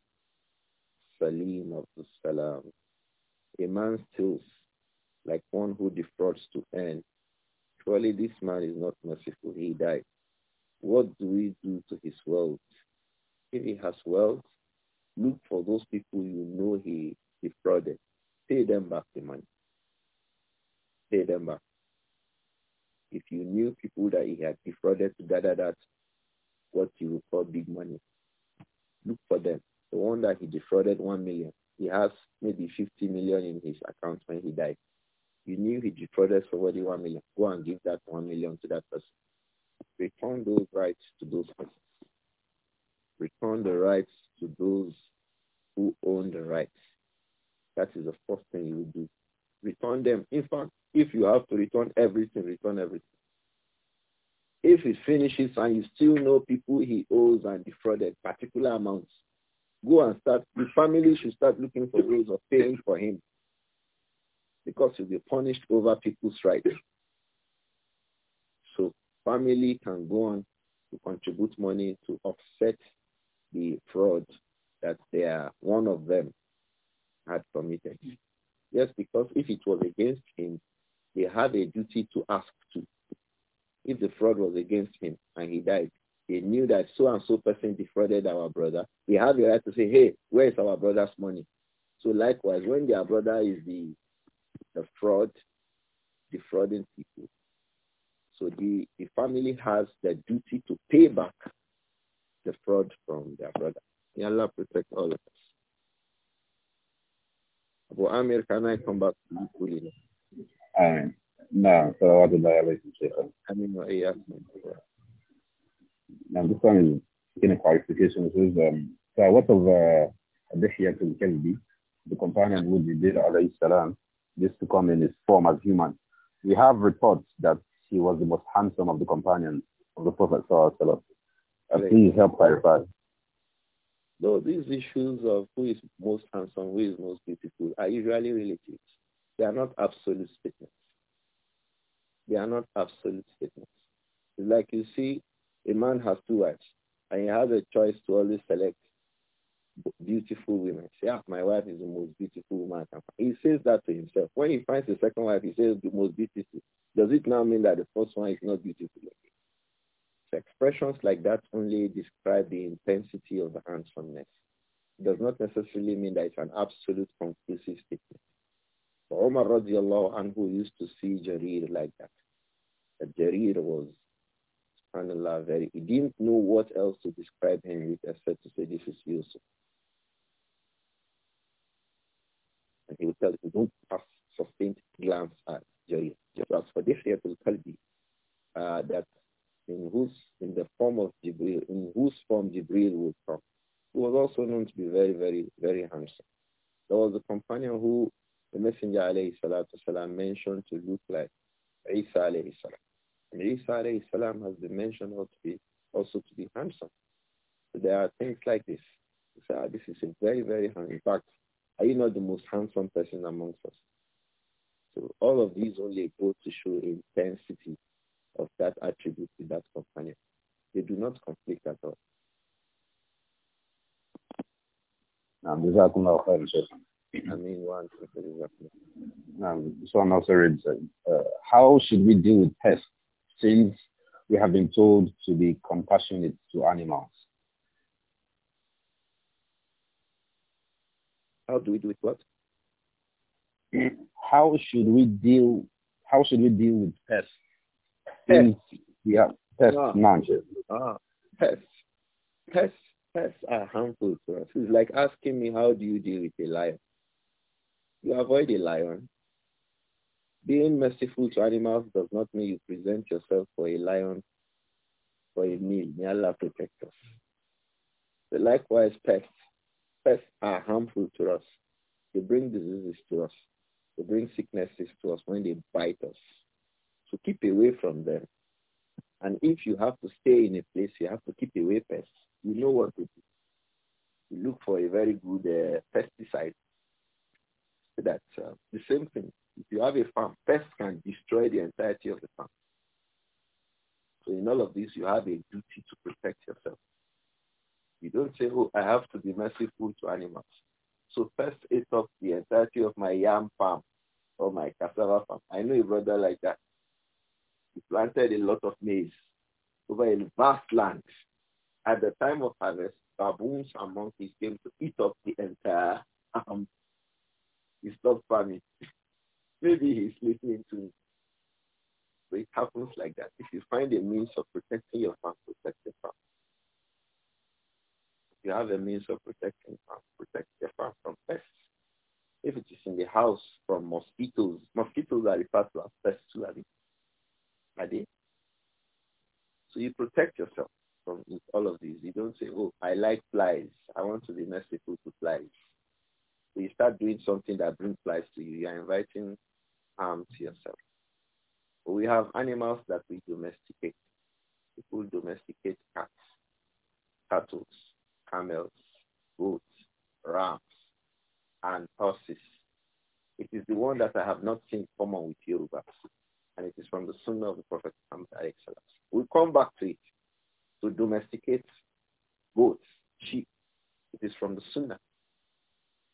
Salim Abdul Salam, a man steals like one who defrauds to earn. Surely this man is not merciful. He died. What do we do to his wealth? If he has wealth, look for those people you know he defrauded. Pay them back the money. Pay them back if you knew people that he had defrauded to gather that what you would call big money, look for them. The one that he defrauded one million, he has maybe 50 million in his account when he died. You knew he defrauded somebody one million. Go and give that one million to that person. Return those rights to those persons. Return the rights to those who own the rights. That is the first thing you would do return them. In fact, if you have to return everything, return everything. If it finishes and you still know people he owes and defrauded particular amounts, go and start, the family should start looking for ways of paying for him because he will be punished over people's rights. So family can go on to contribute money to offset the fraud that they are, one of them had committed. Yes, because if it was against him, they have a duty to ask to. If the fraud was against him and he died, they knew that so and so person defrauded our brother. We have a right to say, hey, where is our brother's money? So likewise, when their brother is the the fraud, defrauding people, so the, the family has the duty to pay back the fraud from their brother. May Allah protect all of us. Abu Amir, can I come back to you fully? Amen. No, so what I mean, yeah. Now this one is in a qualification. It says, um, so what of Adhiyat uh, al-Kalbi, the companion who did alayhi salam, this to come in his form as human. We have reports that he was the most handsome of the companions of the Prophet sallallahu alaihi wasallam. Please help clarify. Though these issues of who is most handsome, who is most beautiful are usually relative. They are not absolute statements. They are not absolute statements. It's like you see a man has two wives and he has a choice to always select beautiful women. Say, ah, my wife is the most beautiful woman. He says that to himself. When he finds the second wife, he says the most beautiful. Does it now mean that the first one is not beautiful? expressions like that only describe the intensity of the handsomeness. It does not necessarily mean that it's an absolute conclusive statement. But Omar radiallahu anhu used to see Jarir like that. That Jarir was, subhanAllah, very, he didn't know what else to describe him with except to say, this is Yusuf. And he would tell him, don't pass sustained glance at Jarir. Just for this, year will tell you uh, that in whose in the form of Jibril, in whose form Jibril would come, He was also known to be very, very, very handsome. There was a companion who the Messenger alayhi salatu salam mentioned to look like Isa alayhi salam. And Isa alayhi salam has been mentioned also to be, also to be handsome. So there are things like this. Ah, this is a very, very handsome. In fact, are you not the most handsome person amongst us? So all of these only go to show intensity of that attribute to that companion. They do not conflict at all. Um, someone also reads, uh, how should we deal with pests since we have been told to be compassionate to animals? How do we do it? What? <clears throat> How should we deal? How should we deal with pests Pests, Yeah, pests, ah. non-Jews. Ah, pests. Pests, pests are harmful to us. It's like asking me, how do you deal with a lion? You avoid a lion. Being merciful to animals does not mean you present yourself for a lion for a meal. May Allah protect us. But likewise, pests. Pests are harmful to us. They bring diseases to us. They bring sicknesses to us when they bite us. So keep away from them. And if you have to stay in a place, you have to keep away pests. You know what to do. You look for a very good uh, pesticide. that's uh, the same thing. If you have a farm, pests can destroy the entirety of the farm. So in all of this, you have a duty to protect yourself. You don't say, oh, I have to be merciful to animals. So pests ate up the entirety of my yam farm or my cassava farm. I know a brother like that planted a lot of maize over a vast land. At the time of harvest, baboons and monkeys came to eat up the entire um, he stopped farming. <laughs> Maybe he's listening to me. So it happens like that. If you find a means of protecting your farm, protect your farm. If you have a means of protecting farm, protect your farm from pests. If it is in the house from mosquitoes, mosquitoes are referred to as pests too, so you protect yourself from all of these. You don't say, oh, I like flies. I want to be merciful to flies. So you start doing something that brings flies to you. You are inviting harm to yourself. But we have animals that we domesticate. People domesticate cats, cattle, camels, goats, rams, and horses. It is the one that I have not seen common with humans and it is from the Sunnah of the Prophet Muhammad. We come back to it to domesticate goats, sheep. It is from the Sunnah.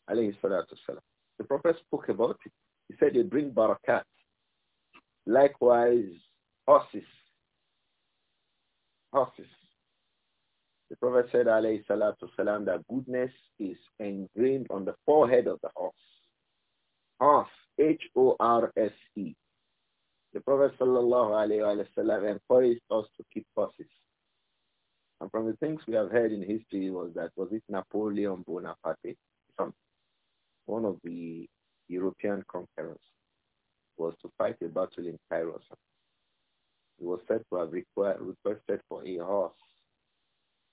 The Prophet spoke about it. He said they bring barakat. Likewise, horses. Horses. The Prophet said, alayhi salatu salam, that goodness is ingrained on the forehead of the horse. Horse, H-O-R-S-E. The Prophet sallallahu encouraged us to keep horses. And from the things we have heard in history was that was it Napoleon Bonaparte, one of the European conquerors, was to fight a battle in Cairo. He was said to have require, requested for a horse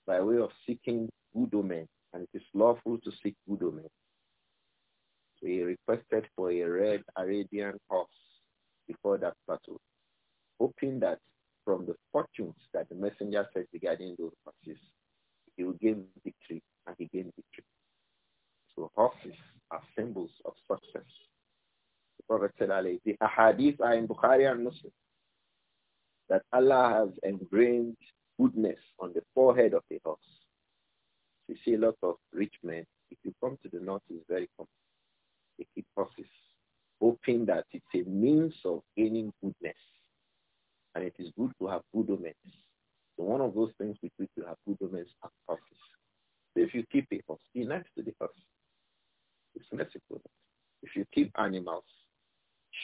by way of seeking good omen, and it is lawful to seek good omen. So he requested for a red Arabian horse before that battle, hoping that from the fortunes that the messenger said regarding those horses, he will gain victory and he gained victory. So horses are symbols of success. The Prophet said, the ahadith are in Bukhari and Muslim, that Allah has ingrained goodness on the forehead of the horse. So you see a lot of rich men. If you come to the north, it's very common. They keep horses hoping that it's a means of gaining goodness. And it is good to have good omens. So one of those things with which you have good omens are horses. So if you keep a horse, be nice to the horse. It's merciful. If you keep animals,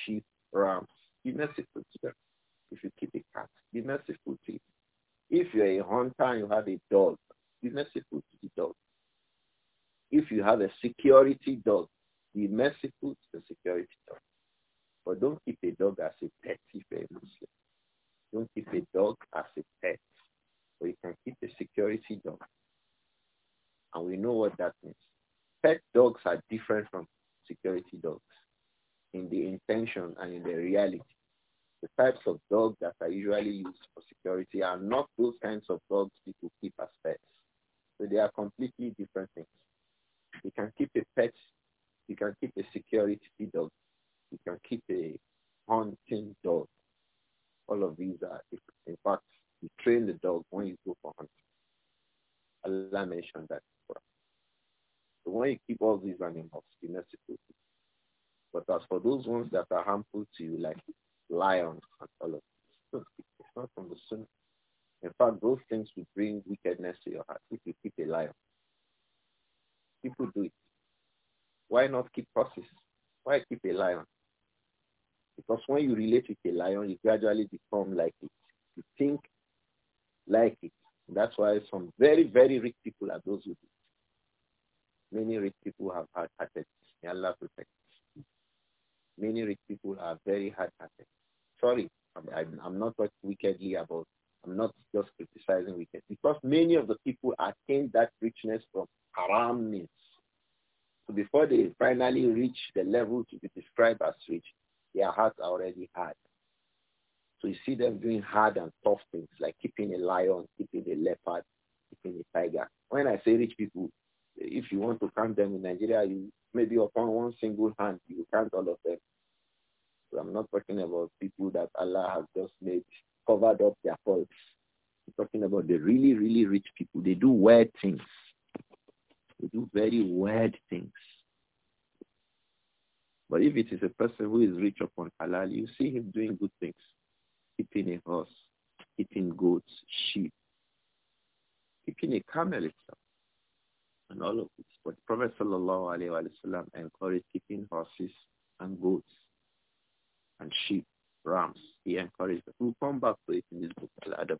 sheep, rams, be merciful to them. If you keep a cat, be merciful to it. If you're a hunter and you have a dog, be merciful to the dog. If you have a security dog, be merciful to the security dog. But don't keep a dog as a pet if you're a Muslim. Don't keep a dog as a pet. But you can keep a security dog. And we know what that means. Pet dogs are different from security dogs in the intention and in the reality. The types of dogs that are usually used for security are not those kinds of dogs people keep as pets. So they are completely different things. You can keep a pet you can keep a security dog. You can keep a hunting dog. All of these are, in fact, you train the dog when you go for hunting. Allah mentioned that before. So when you keep all these animals, you know But as for those ones that are harmful to you, like lions and all of these, it's not from the sunnah. In fact, those things will bring wickedness to your heart if you keep a lion. People do it. Why not keep horses? Why keep a lion? Because when you relate with a lion, you gradually become like it. You think like it. That's why some very, very rich people are those who it. Many rich people have hard-hearted. May Allah protect. Many rich people are very hard-hearted. Sorry, I'm, I'm not talking wickedly about, I'm not just criticizing wicked. Because many of the people attain that richness from haram means. So before they finally reach the level to be described as rich, their hearts are already hard. So you see them doing hard and tough things like keeping a lion, keeping a leopard, keeping a tiger. When I say rich people, if you want to count them in Nigeria, you maybe upon one single hand, you count all of them. So I'm not talking about people that Allah has just made covered up their faults. I'm talking about the really, really rich people. They do weird things. We do very weird things. But if it is a person who is rich upon halal, you see him doing good things. Eating a horse, eating goats, sheep, eating a camel itself, and all of this. But Prophet sallallahu alayhi wa, sallam, encouraged keeping horses and goats and sheep, rams. He encouraged them. We'll come back to it in this book, Al-Adab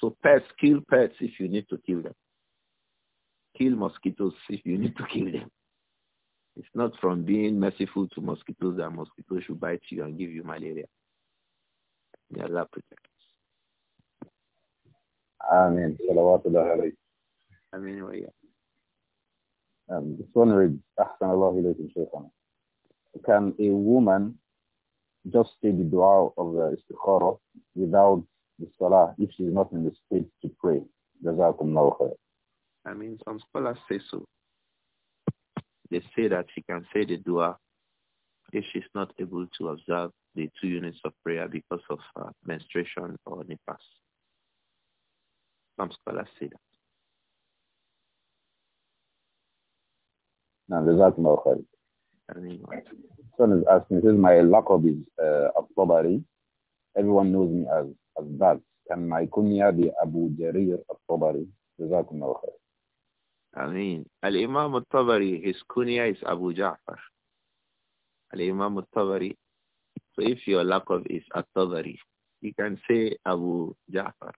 So pets, kill pets if you need to kill them kill mosquitoes <laughs> if you need to kill them. It's not from being merciful to mosquitoes that mosquitoes should bite you and give you malaria. May Allah protect us. Amen. Salawatullah Amen um, This one reads, Ahsan Allah Shaykhana. Can a woman just say the dua of the istikhara without the salah if she's not in the state to pray? Jazakum Allah I mean, some scholars say so. They say that she can say the dua if she's not able to observe the two units of prayer because of uh, menstruation or nifas. Some scholars say that. Now, there's khair. Someone is asking, Is my laqab is uh, Al-Tabari. Everyone knows me as, as that. Can my kunya be Abu Jarir Al-Tabari? Jazakumullah khair. I mean, Al-Imam al-Tabari, his kunya is Abu Ja'far. Al-Imam al-Tabari. So if your laqab is al-Tabari, you can say Abu Ja'far.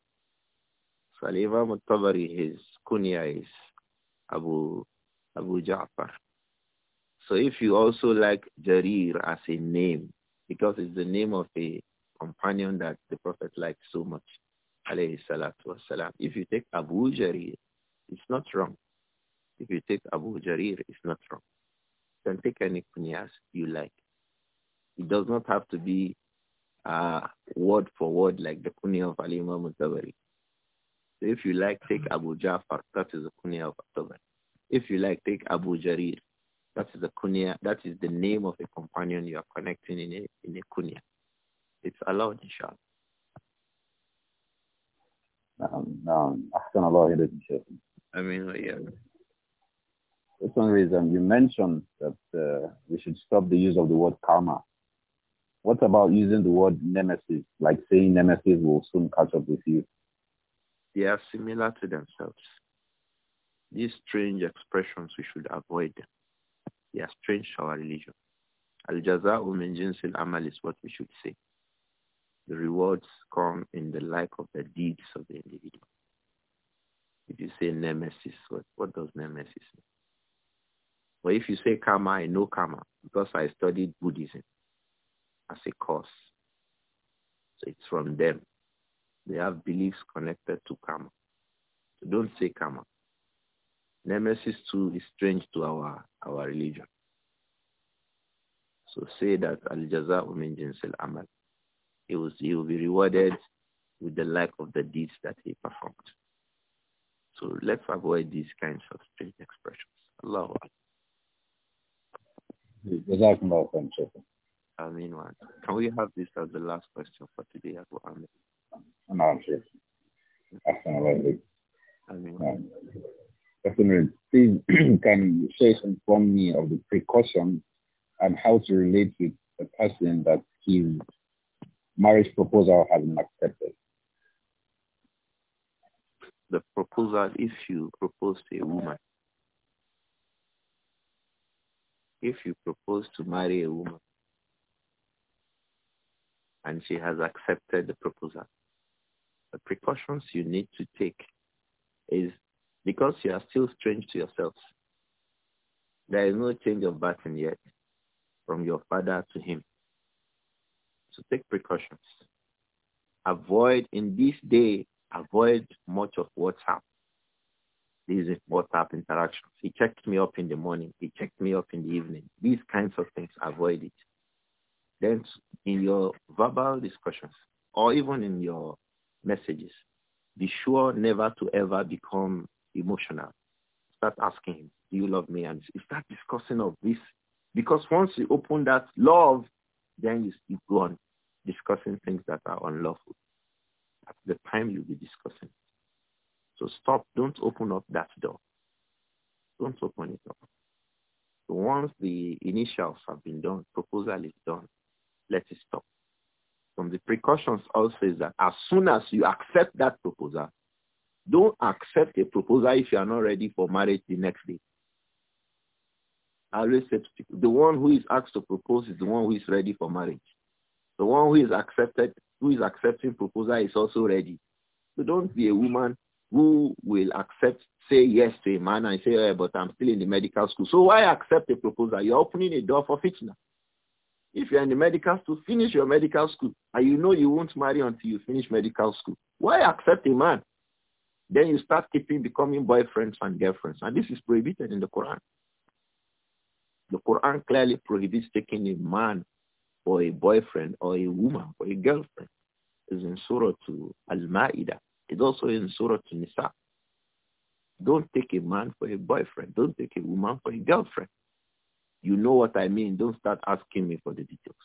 So Al-Imam al-Tabari, his kunya is Abu, Abu Ja'far. So if you also like Jarir as a name, because it's the name of a companion that the Prophet liked so much, alayhi salatu wasalam. If you take Abu Jarir, it's not wrong. If you take Abu Jarir, it's not wrong. You can take any kunyas you like. It does not have to be uh, word for word like the kunya of Ali Imam al-Tabari. So if you like, take mm-hmm. Abu Ja'far, that is the kunya of Tabari. If you like, take Abu Jarir, that is the kunya, that is the name of a companion you are connecting in a, in a kunya. It's allowed, inshallah. نعم نعم أحسن الله that's one reason you mentioned that uh, we should stop the use of the word karma. What about using the word nemesis, like saying nemesis will soon catch up with you? They are similar to themselves. These strange expressions, we should avoid them. They are strange to our religion. Al-jaza'u min jinsil amal is what we should say. The rewards come in the like of the deeds of the individual. If you say nemesis, what, what does nemesis mean? But if you say karma, I know karma because I studied Buddhism as a course. So it's from them. They have beliefs connected to karma. So don't say karma. Nemesis too is strange to our, our religion. So say that al-jaza'u jinsil amal. He will, he will be rewarded with the like of the deeds that he performed. So let's avoid these kinds of strange expressions. Allahu Akbar. Jazakumullah khairan, Sheikh. Ameen. Can we have this as the last question for today, Abu Amir? نعم شيخ أحسن الله إليك نعم Definitely. Please, <clears throat> can share inform me of the precaution and how to relate with a person that his marriage proposal has been accepted? The proposal, if you propose to a woman if you propose to marry a woman and she has accepted the proposal, the precautions you need to take is because you are still strange to yourselves. There is no change of baton yet from your father to him. So take precautions. Avoid, in this day, avoid much of WhatsApp. This is WhatsApp interaction. He checks me up in the morning. He checks me up in the evening. These kinds of things, avoid it. Then in your verbal discussions or even in your messages, be sure never to ever become emotional. Start asking him, do you love me? And start discussing of this. Because once you open that love, then you, you go on discussing things that are unlawful. At the time you'll be discussing so stop. Don't open up that door. Don't open it up. once the initials have been done, proposal is done, let it stop. From the precautions also is that as soon as you accept that proposal, don't accept a proposal if you are not ready for marriage the next day. I always say people, the one who is asked to propose is the one who is ready for marriage. The one who is accepted, who is accepting proposal is also ready. So don't be a woman who will accept, say yes to a man and say, hey, eh, but I'm still in the medical school. So why accept a proposal? You're opening a door for fitna. If you're in the medical school, finish your medical school. And you know you won't marry until you finish medical school. Why accept a man? Then you start keeping becoming boyfriends and girlfriends. And this is prohibited in the Quran. The Quran clearly prohibits taking a man for a boyfriend or a woman for a girlfriend. It's in Surah to Al-Ma'idah. It's also in Surah Nisa. Don't take a man for a boyfriend. Don't take a woman for a girlfriend. You know what I mean. Don't start asking me for the details.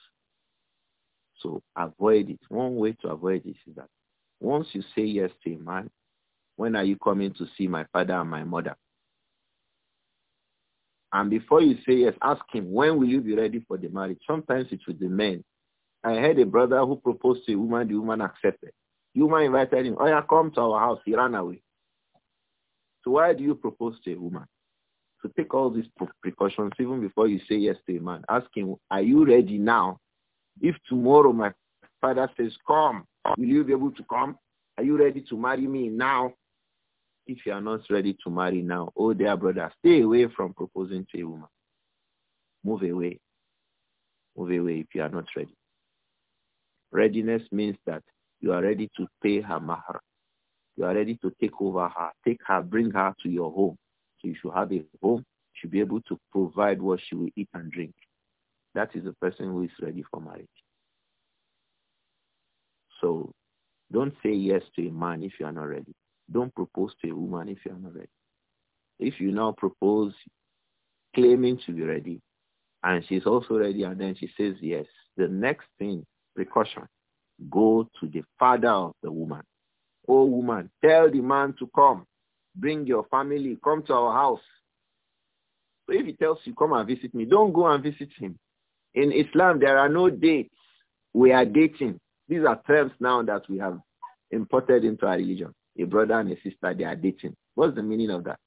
So avoid it. One way to avoid this is that once you say yes to a man, when are you coming to see my father and my mother? And before you say yes, ask him, when will you be ready for the marriage? Sometimes it's with the men. I had a brother who proposed to a woman, the woman accepted. Yuma invited him, oh yeah, come to our house. He ran away. So why do you propose to a woman? To take all these precautions even before you say yes to a man. Ask him, are you ready now? If tomorrow my father says, come, will you be able to come? Are you ready to marry me now? If you are not ready to marry now, oh dear brother, stay away from proposing to a woman. Move away. Move away if you are not ready. Readiness means that you are ready to pay her mahar. You are ready to take over her, take her, bring her to your home. So you should have a home. You should be able to provide what she will eat and drink. That is a person who is ready for marriage. So don't say yes to a man if you are not ready. Don't propose to a woman if you are not ready. If you now propose claiming to be ready and she's also ready and then she says yes, the next thing, precaution, Go to the father of the woman. oh, woman, tell the man to come. Bring your family. Come to our house. So if he tells you, come and visit me, don't go and visit him. In Islam, there are no dates. We are dating. These are terms now that we have imported into our religion. A brother and a sister, they are dating. What's the meaning of that?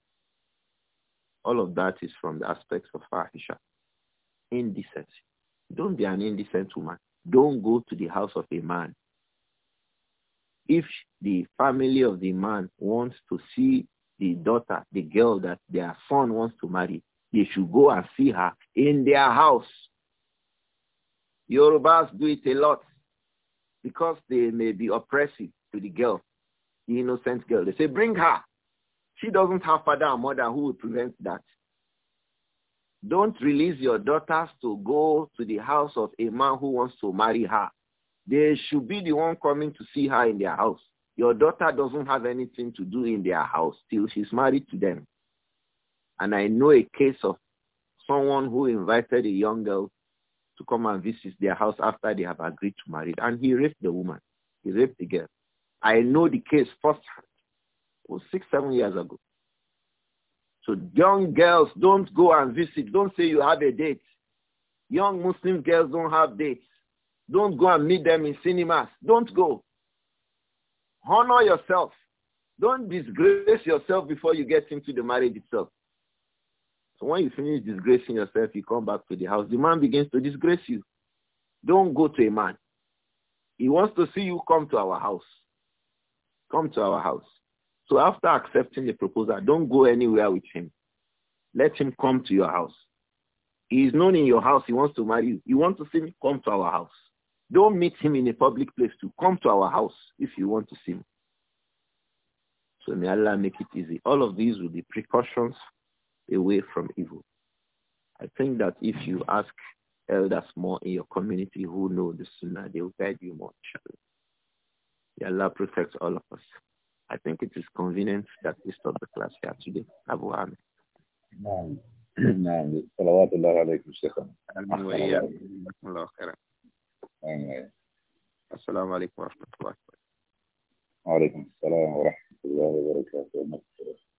All of that is from the aspects of fahisha. Indecency. Don't be an indecent woman. Don't go to the house of a man. If the family of the man wants to see the daughter, the girl that their son wants to marry, they should go and see her in their house. Yorubas do it a lot because they may be oppressive to the girl, the innocent girl. They say, bring her. She doesn't have father and mother who will prevent that. Don't release your daughters to go to the house of a man who wants to marry her. They should be the one coming to see her in their house. Your daughter doesn't have anything to do in their house till she's married to them. And I know a case of someone who invited a young girl to come and visit their house after they have agreed to marry. And he raped the woman. He raped the girl. I know the case firsthand. It was six, seven years ago. So young girls, don't go and visit. Don't say you have a date. Young Muslim girls don't have dates. Don't go and meet them in cinemas. Don't go. Honor yourself. Don't disgrace yourself before you get into the marriage itself. So when you finish disgracing yourself, you come back to the house. The man begins to disgrace you. Don't go to a man. He wants to see you come to our house. Come to our house. So after accepting the proposal, don't go anywhere with him. Let him come to your house. He is known in your house. He wants to marry you. You want to see him? Come to our house. Don't meet him in a public place to come to our house if you want to see him. So may Allah make it easy. All of these will be precautions away from evil. I think that if you ask elders more in your community who know the Sunnah, they will guide you more. May Allah protect all of us. I think it is convenient that we stop the class here today. Abu Amir. نعم نعم صلوات الله عليكم شيخنا جزاكم الله خيرا السلام عليكم ورحمة الله وعليكم السلام ورحمة الله وبركاته